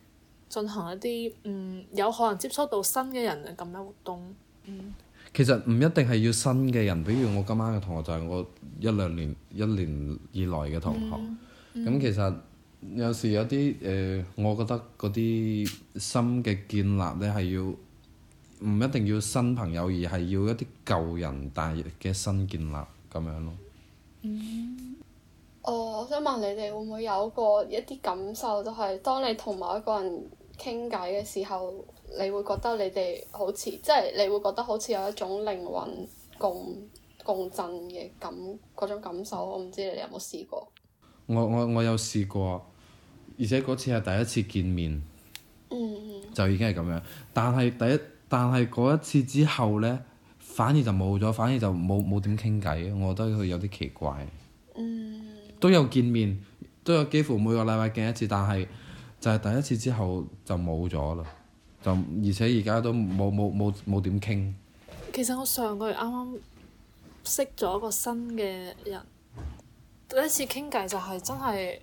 進行一啲嗯有可能接觸到新嘅人嘅咁樣活動，嗯。其實唔一定係要新嘅人，比如我今晚嘅同學就係我一兩年一年以來嘅同學。咁、mm hmm. 其實有時有啲誒、呃，我覺得嗰啲新嘅建立咧係要唔一定要新朋友，而係要一啲舊人，帶嘅新建立咁樣咯。嗯、mm，我、hmm. oh, 想問你哋會唔會有過一個一啲感受，就係當你同某一個人傾偈嘅時候。你會覺得你哋好似即係你會覺得好似有一種靈魂共共振嘅感嗰種感受，我唔知你哋有冇試過？我我我有試過，而且嗰次係第一次見面，嗯、就已經係咁樣。但係第一但係嗰一次之後呢，反而就冇咗，反而就冇冇點傾偈。我覺得佢有啲奇怪。嗯。都有見面，都有幾乎每個禮拜見一次，但係就係第一次之後就冇咗啦。就而且而家都冇冇冇冇點傾。其實我上個月啱啱識咗一個新嘅人，第一次傾偈就係真係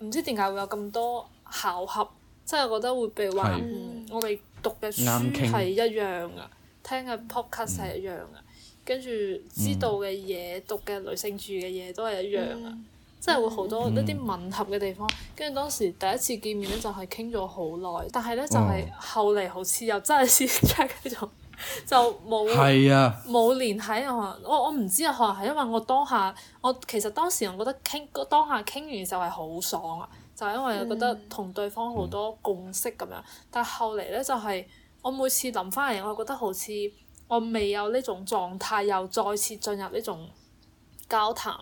唔知點解會有咁多巧合，即係覺得會譬如話是，我哋讀嘅書係一樣嘅，聊聽嘅 podcast 係一樣嘅，跟住、嗯、知道嘅嘢、嗯、讀嘅女性主義嘅嘢都係一樣嘅。嗯嗯、真係會好多一啲吻合嘅地方，跟住、嗯、當時第一次見面咧就係傾咗好耐，但係咧、哦、就係後嚟好似又真係先 check 咗， 就冇冇聯繫啊！我我唔知啊，可能係因為我當下我其實當時我覺得傾當下傾完就係好爽啊，就係因為覺得同對方好多共識咁樣，嗯、但係後嚟咧就係、是、我每次諗返嚟，我覺得好似我未有呢種狀態，又再次進入呢種交談。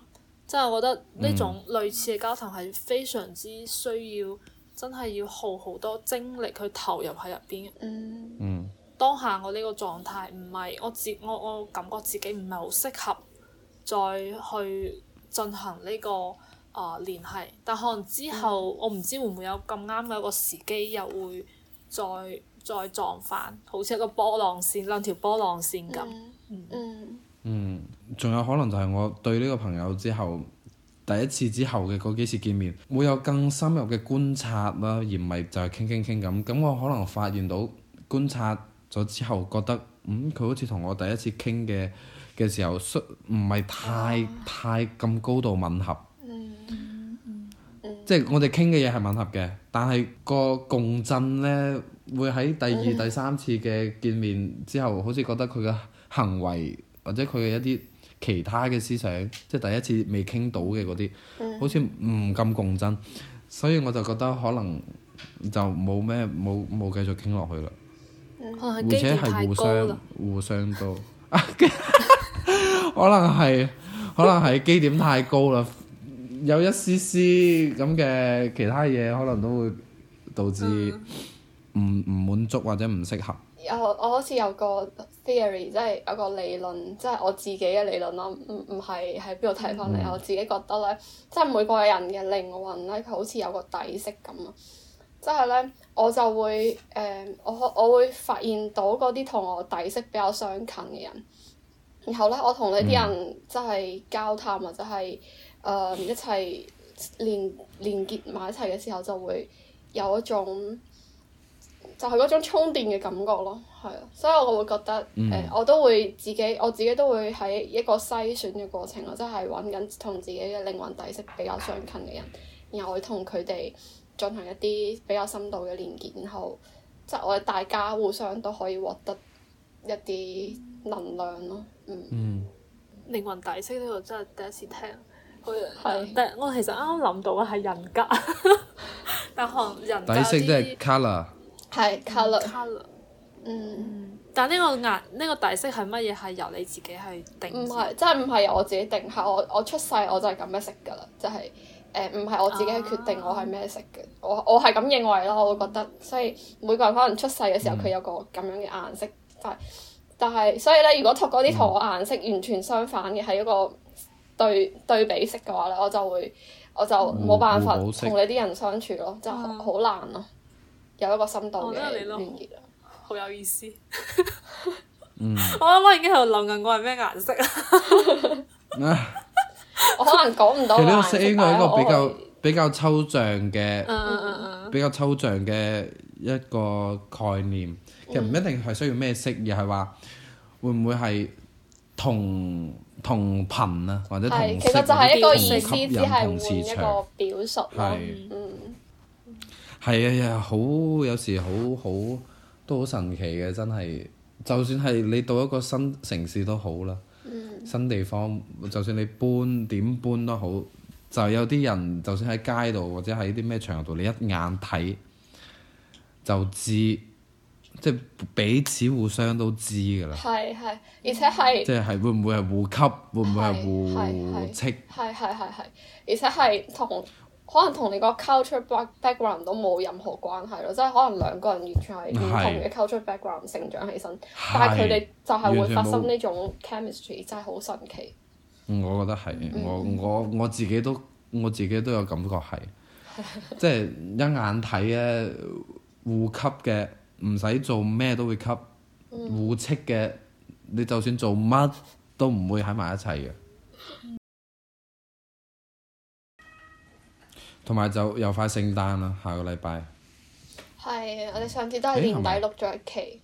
即係我覺得呢種類似嘅交談係非常之需要，真係要耗好多精力去投入喺入邊。嗯，當下我呢個狀態唔係我自我我感覺自己唔係好適合再去進行呢、這個啊聯、呃、繫，但可能之後、嗯、我唔知會唔會有咁啱嘅一個時機又會再再撞返，好似一個波浪線，兩條波浪線咁。嗯，嗯。嗯，仲有可能就係我對呢個朋友之後第一次之後嘅嗰幾次見面，會有更深入嘅觀察啦，而唔係就係傾傾傾咁。咁我可能發現到觀察咗之後覺得嗯，佢好似同我第一次傾嘅嘅時候，唔係、啊、太太咁高度吻合，嗯嗯嗯、即係我哋傾嘅嘢係吻合嘅，但係個共振咧會喺第二、第三次嘅見面之後、嗯、好似覺得佢嘅行為。或者佢嘅一啲其他嘅思想，即係第一次未傾到嘅嗰啲，嗯、好似唔咁共振，所以我就覺得可能就冇咩冇冇繼續傾落去啦。而且係互相互相都， 可能係可能係基點太高啦， 有一絲絲咁嘅其他嘢，可能都會導致唔唔滿足或者唔適合。有我好似有個 theory，即係有個理論，即係我自己嘅理論咯。唔唔係喺邊度睇翻嚟？Mm hmm. 我自己覺得咧，即係每個人嘅靈魂咧，佢好似有個底色咁啊。即係咧，我就會誒、呃，我我會發現到嗰啲同我底色比較相近嘅人。然後咧，我同呢啲人即係交談或者係誒一齊連連結埋一齊嘅時候，就會有一種。就係嗰種充電嘅感覺咯，係啊，所以我會覺得，誒、嗯欸，我都會自己，我自己都會喺一個篩選嘅過程咯，即係揾緊同自己嘅靈魂底色比較相近嘅人，然後會同佢哋進行一啲比較深度嘅連結，然後即係、就是、我哋大家互相都可以獲得一啲能量咯，嗯。嗯靈魂底色呢個真係第一次聽，係，但係我其實啱啱諗到嘅係人格， 但係人、就是、底色都係 color 係 colour，嗯，是彩但呢個顏呢、呢個底色係乜嘢？係由你自己去定。唔係，即係唔係由我自己定。吓，我我出世我就係咁咩色噶啦，就係、是、誒、唔、呃、係我自己去決定我係咩色嘅。我我係咁認為咯，嗯、我覺得，所以每個人可能出世嘅時候，佢、嗯、有個咁樣嘅顏色，但但係所以咧，如果同嗰啲同我顏色完全相反嘅，係、嗯、一個對對比色嘅話咧，我就會我就冇辦法同你啲人相處咯，嗯、就好難咯、啊。有一個深度嘅連結啊，好有意思。嗯， 我啱啱已經喺度諗緊我係咩顏色啊？我可能講唔到。其實呢個色應該係一個比較 比較抽象嘅，uh, uh, uh. 比較抽象嘅一個概念。其實唔一定係需要咩色，而係話會唔會係同同頻啊，或者同其實就係一個意思，同意思只係換一個表述咯。述是嗯。係啊！好有時好好都好神奇嘅，真係。就算係你到一個新城市都好啦，嗯、新地方，就算你搬點搬都好，就有啲人，就算喺街度或者喺啲咩場度，你一眼睇就知，即係彼此互相都知㗎啦。係係，而且係、嗯、即係會唔會係互吸？會唔會係互斥？係係係係，而且係同。同可能同你個 culture background 都冇任何關係咯，即係可能兩個人完全係唔同嘅 culture background 成長起身，是但係佢哋就係會發生呢種 chemistry，真係好神奇。我覺得係、嗯，我我我自己都我自己都有感覺係， 即係一眼睇咧、啊，互吸嘅唔使做咩都會吸，嗯、互斥嘅你就算做乜都唔會喺埋一齊嘅。同埋就又快聖誕啦，下個禮拜。係，我哋上次都係年底錄咗一期。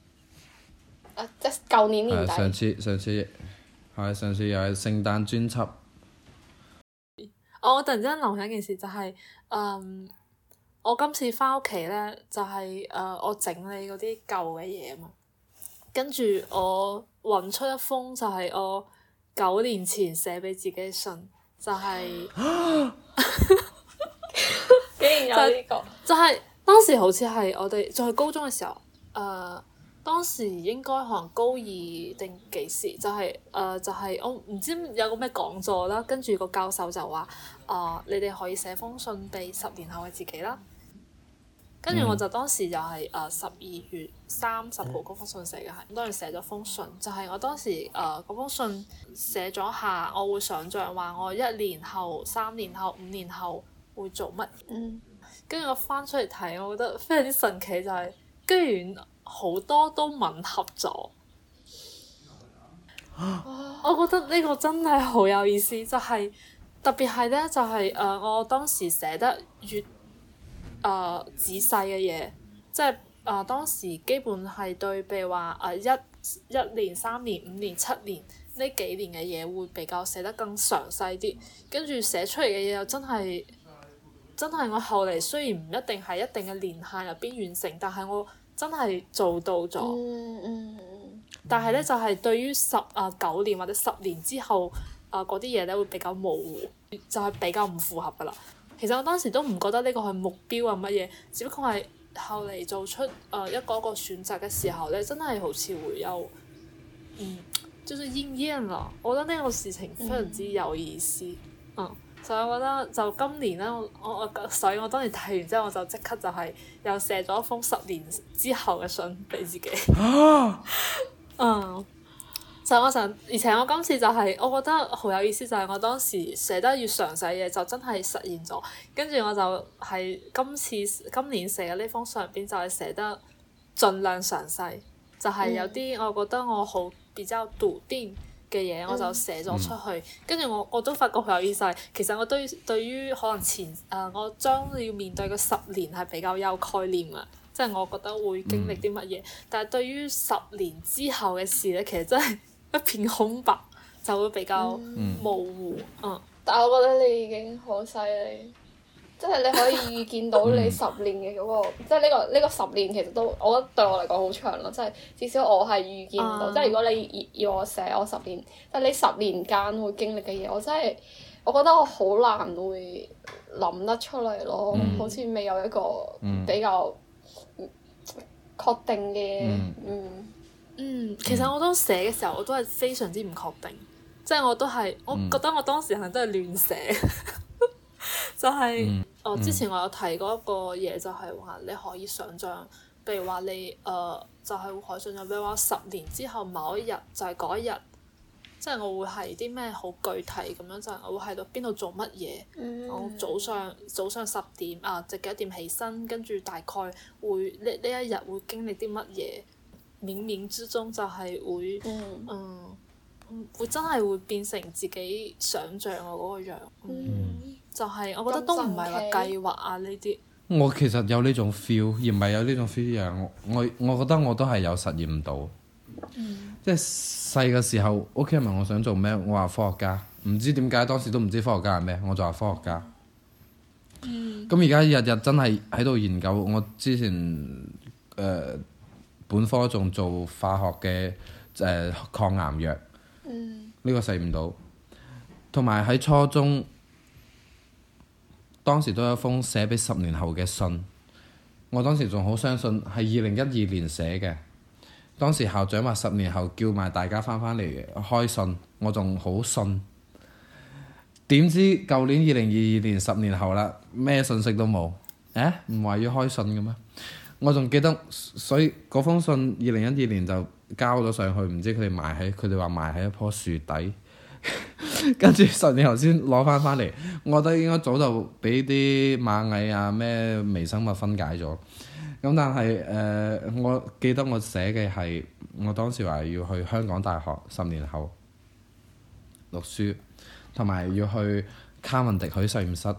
即係舊年年底。上次上次係上次又係聖誕專輯。我突然之間諗起一件事，就係、是、嗯，我今次翻屋企咧，就係、是、誒、呃、我整理嗰啲舊嘅嘢嘛。跟住我揾出一封就係、是、我九年前寫俾自己嘅信，就係、是。 竟然有呢、這個， 就係、是就是、當時好似係我哋仲係高中嘅時候，誒、呃，當時應該可能高二定幾時，就係、是、誒、呃，就係、是、我唔知有個咩講座啦，跟住個教授就話，誒、呃，你哋可以寫封信俾十年後嘅自己啦，跟住我就當時就係誒十二月三十號嗰封信寫嘅，係咁，當時寫咗封信，就係、是、我當時誒嗰、呃、封信寫咗下，我會想象話我一年後、三年後、五年後。會做乜？跟住、嗯、我翻出嚟睇，我覺得非常之神奇、就是，就係居然好多都吻合咗。啊、我覺得呢個真係好有意思，就係、是、特別係呢，就係、是、誒、呃、我當時寫得越誒、呃、仔細嘅嘢，即係誒當時基本係對，譬如話誒、呃、一一年、三年、五年、七年呢幾年嘅嘢，會比較寫得更詳細啲，跟住寫出嚟嘅嘢又真係～真係我後嚟雖然唔一定係一定嘅年限入邊完成，但係我真係做到咗。嗯嗯、但係咧，就係、是、對於十啊、呃、九年或者十年之後啊嗰啲嘢咧，會比較模糊，就係、是、比較唔符合㗎啦。其實我當時都唔覺得呢個係目標係乜嘢，只不過係後嚟做出誒、呃、一個一個選擇嘅時候咧，真係好似會有嗯就算應驗啦。我覺得呢個事情非常之有意思。嗯。嗯嗯。所以我覺得就今年咧，我我所以我當時睇完之後，我就即刻就係又寫咗一封十年之後嘅信俾自己。啊！ 嗯，就我想，而且我今次就係、是、我覺得好有意思，就係、是、我當時寫得越詳細嘅就真係實現咗。跟住我就係今次今年寫嘅呢封信入邊就係寫得盡量詳細，就係、是、有啲我覺得我好比較篤定。嗯嗯嘅嘢、嗯、我就寫咗出去，跟住我我都發覺佢有意思。其實我對對於可能前誒、呃、我將要面對嘅十年係比較有概念啊，即係我覺得會經歷啲乜嘢。嗯、但係對於十年之後嘅事咧，其實真係一片空白，就會比較模糊啊。嗯嗯、但係我覺得你已經好犀利。即係你可以預見到你十年嘅嗰、 嗯這個，即係呢個呢個十年其實都，我覺得對我嚟講好長咯。即係至少我係預見唔到。啊、即係如果你要我寫我十年，但係你十年間會經歷嘅嘢，我真係我覺得我好難會諗得出嚟咯。嗯、好似未有一個比較確、嗯、定嘅，嗯嗯，嗯。其實我都寫嘅時候，我都係非常之唔確定。即、就、係、是、我都係，我覺得我當時係真係亂寫。 就係我之前我有提過一個嘢，嗯、就係話你可以想象，譬如話你誒、呃、就係可以想象，譬如話十年之後某一日就係、是、嗰一日，即、就、係、是、我會係啲咩好具體咁樣，就係、是、我會喺度邊度做乜嘢？我、嗯、早上早上十點啊、呃，值幾點起身，跟住大概會呢呢一日會經歷啲乜嘢？冥冥之中就係會誒、嗯嗯，會真係會變成自己想象嘅嗰個樣。嗯嗯就係，我覺得都唔係計劃啊呢啲。我其實有呢種 feel，而唔係有呢種 feel 啊！我我我覺得我都係有實現唔到。嗯、即係細嘅時候，屋企人問我想做咩，我話科學家。唔知點解當時都唔知科學家係咩，我就話科學家。咁而家日日真係喺度研究。我之前誒、呃、本科仲做化學嘅誒、呃、抗癌藥。呢、嗯、個實現唔到，同埋喺初中。當時都有一封寫俾十年後嘅信，我當時仲好相信係二零一二年寫嘅。當時校長話十年後叫埋大家翻返嚟開信，我仲好信。點知舊年二零二二年十年後啦，咩信息都冇。誒、啊，唔話要開信嘅咩？我仲記得，所以嗰封信二零一二年就交咗上去，唔知佢哋埋喺，佢哋話埋喺一棵樹底。 跟住十年後先攞翻翻嚟，我覺得應該早就俾啲螞蟻啊、咩微生物分解咗。咁但係誒、呃，我記得我寫嘅係，我當時話要去香港大學十年後讀書，同埋要去卡文迪許實驗室。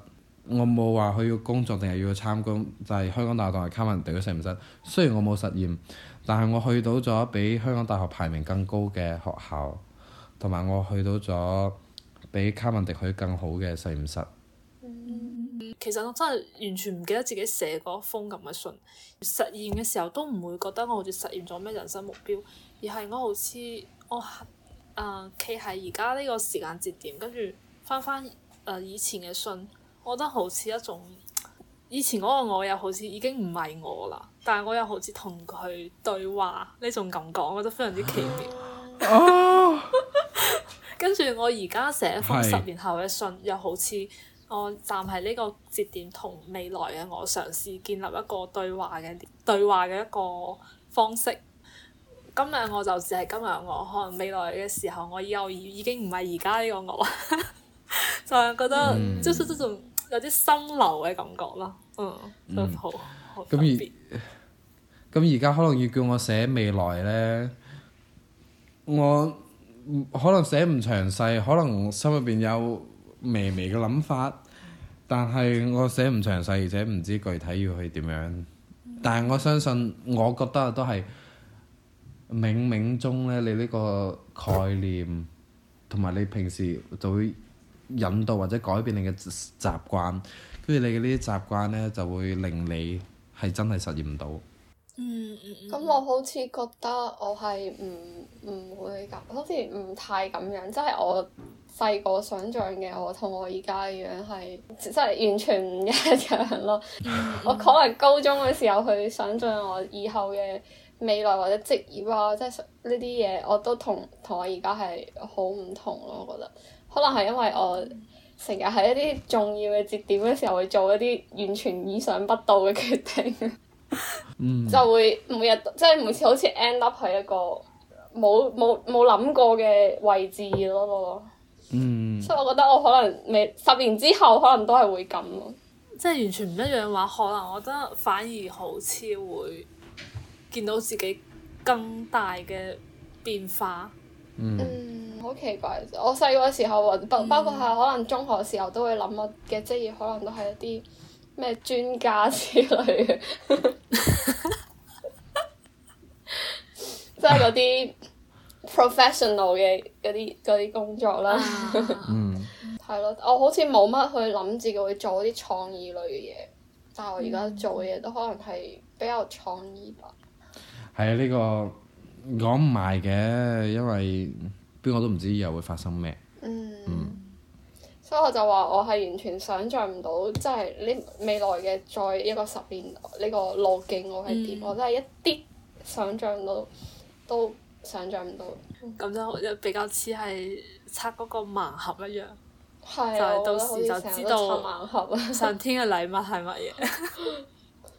我冇話佢要工作定係要去參觀，就係、是、香港大學係卡文迪許實驗室。雖然我冇實驗，但係我去到咗比香港大學排名更高嘅學校。同埋我去到咗比卡文迪許更好嘅實驗室。嗯、其實我真係完全唔記得自己寫嗰封咁嘅信。實驗嘅時候都唔會覺得我好似實現咗咩人生目標，而係我好似我企喺而家呢個時間節點，跟住翻翻誒、呃、以前嘅信，我覺得好似一種以前嗰個我又好似已經唔係我啦。但係我又好似同佢對話呢種感覺，我覺得非常之奇妙。哦 跟住我而家寫一封十年後嘅信，是又好似我站喺呢個節點同未來嘅我嘗試建立一個對話嘅對話嘅一個方式。今日我就只係今日我，可能未來嘅時候，我以後已已經唔係而家呢個我， 就係覺得、嗯、就是一種有啲心流嘅感覺啦。嗯，都好好特別。咁而咁而家可能要叫我寫未來咧，我。可能寫唔詳細，可能心入邊有微微嘅諗法，但係我寫唔詳細，而且唔知具體要去點樣。但係我相信，我覺得都係冥冥中咧，你呢個概念同埋你平時就會引導或者改變你嘅習慣，跟住你嘅呢啲習慣咧，就會令你係真係實現唔到。嗯嗯嗯，咁、嗯、我好似覺得我係唔唔會咁，好似唔太咁樣，即係我細個想象嘅我同我而家嘅樣係，即係完全唔一樣咯。嗯、我可能高中嘅時候去想象我以後嘅未來或者職業啊，即係呢啲嘢，我都我同同我而家係好唔同咯。我覺得可能係因為我成日喺一啲重要嘅節點嘅時候，會做一啲完全意想不到嘅決定。Mm. 就會每日即係、就是、每次好似 end up 喺一個冇冇冇諗過嘅位置咯咯，mm. 所以我覺得我可能未十年之後可能都係會咁咯，即係完全唔一樣話，可能我覺得反而好似會見到自己更大嘅變化。Mm. 嗯，好奇怪，我細個嘅時候，包括係可能中學嘅時候，都會諗我嘅職業可能都係一啲。咩專家之類嘅， 即係嗰啲 professional 嘅嗰啲啲工作啦、 啊。嗯，係咯， 我好似冇乜去諗自己會做啲創意類嘅嘢，但係我而家做嘅嘢都可能係比較創意吧。係啊，呢個講唔埋嘅，因為邊個都唔知以後會發生咩。嗯。嗯。所以我就話我係完全想像唔到，即係呢未來嘅再一個十年呢個路徑我係點，嗯、我真係一啲想像唔到，都想像唔到。咁就好似比較似係拆嗰個盲盒一樣，嗯、就係到時就知道上天嘅禮物係乜嘢。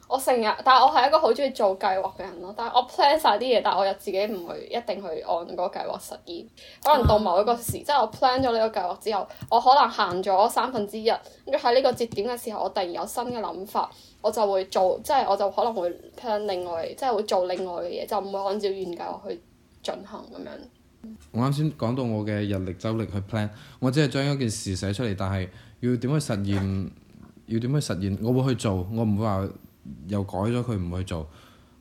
我成日，但係我係一個好中意做計劃嘅人咯。但係我 plan 曬啲嘢，但係我又自己唔會一定去按嗰個計劃實現。可能到某一個時，啊、即係我 plan 咗呢個計劃之後，我可能行咗三分之一，跟住喺呢個節點嘅時候，我突然有新嘅諗法，我就會做，即係我就可能會 plan 另外，即係會做另外嘅嘢，就唔會按照原計劃去進行咁樣。我啱先講到我嘅日曆周曆去 plan，我只係將一件事寫出嚟，但係要點去實現，要點去實現，我會去做，我唔會話，又改咗佢唔去做，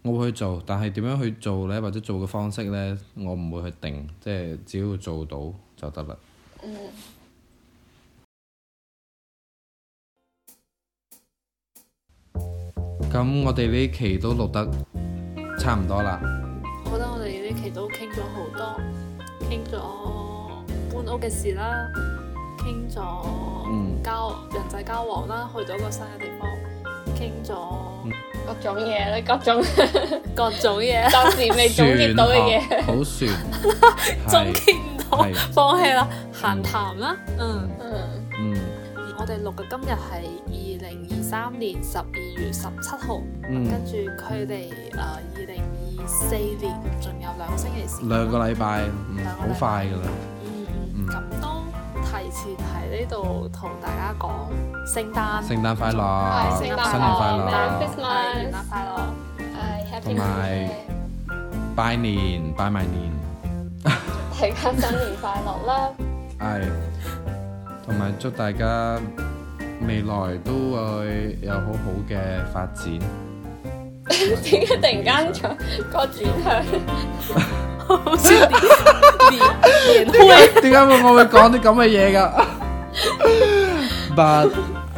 我會去做，但係點樣去做呢？或者做嘅方式呢？我唔會去定，即係只要做到就得啦。咁、嗯、我哋呢期都錄得差唔多啦。我覺得我哋呢期都傾咗好多，傾咗搬屋嘅事啦，傾咗交人際交往啦，去咗個新嘅地方。傾咗各種嘢啦，各種各種嘢，當時未總結到嘅嘢，好算，總結唔到，放棄啦，閒談啦，嗯嗯嗯，我哋錄嘅今日係二零二三年十二月十七號，跟住距離誒二零二四年仲有兩個星期時間，兩個禮拜，好快噶啦，嗯咁都。提前喺呢度同大家講聖誕，聖誕快樂，新年快樂，元旦快樂，同埋拜年拜埋年，大家新年快樂啦！係，同埋祝大家未來都會有好好嘅發展。點解突然間咁個轉向？ 點解會我會講啲咁嘅嘢噶？但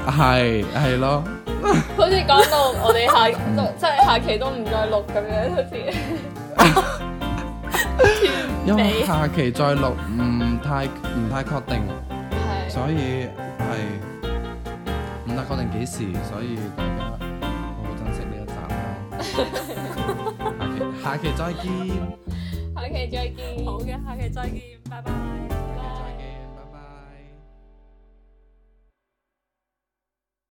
係係咯， 好似講到我哋下即係下期都唔再錄咁樣好似， 美因為下期再錄唔太唔太確定，是所以係唔太確定幾時，所以大家好好珍惜呢一集啦，啊。 下期下期再見。下期再見，好嘅，下期再見，拜拜。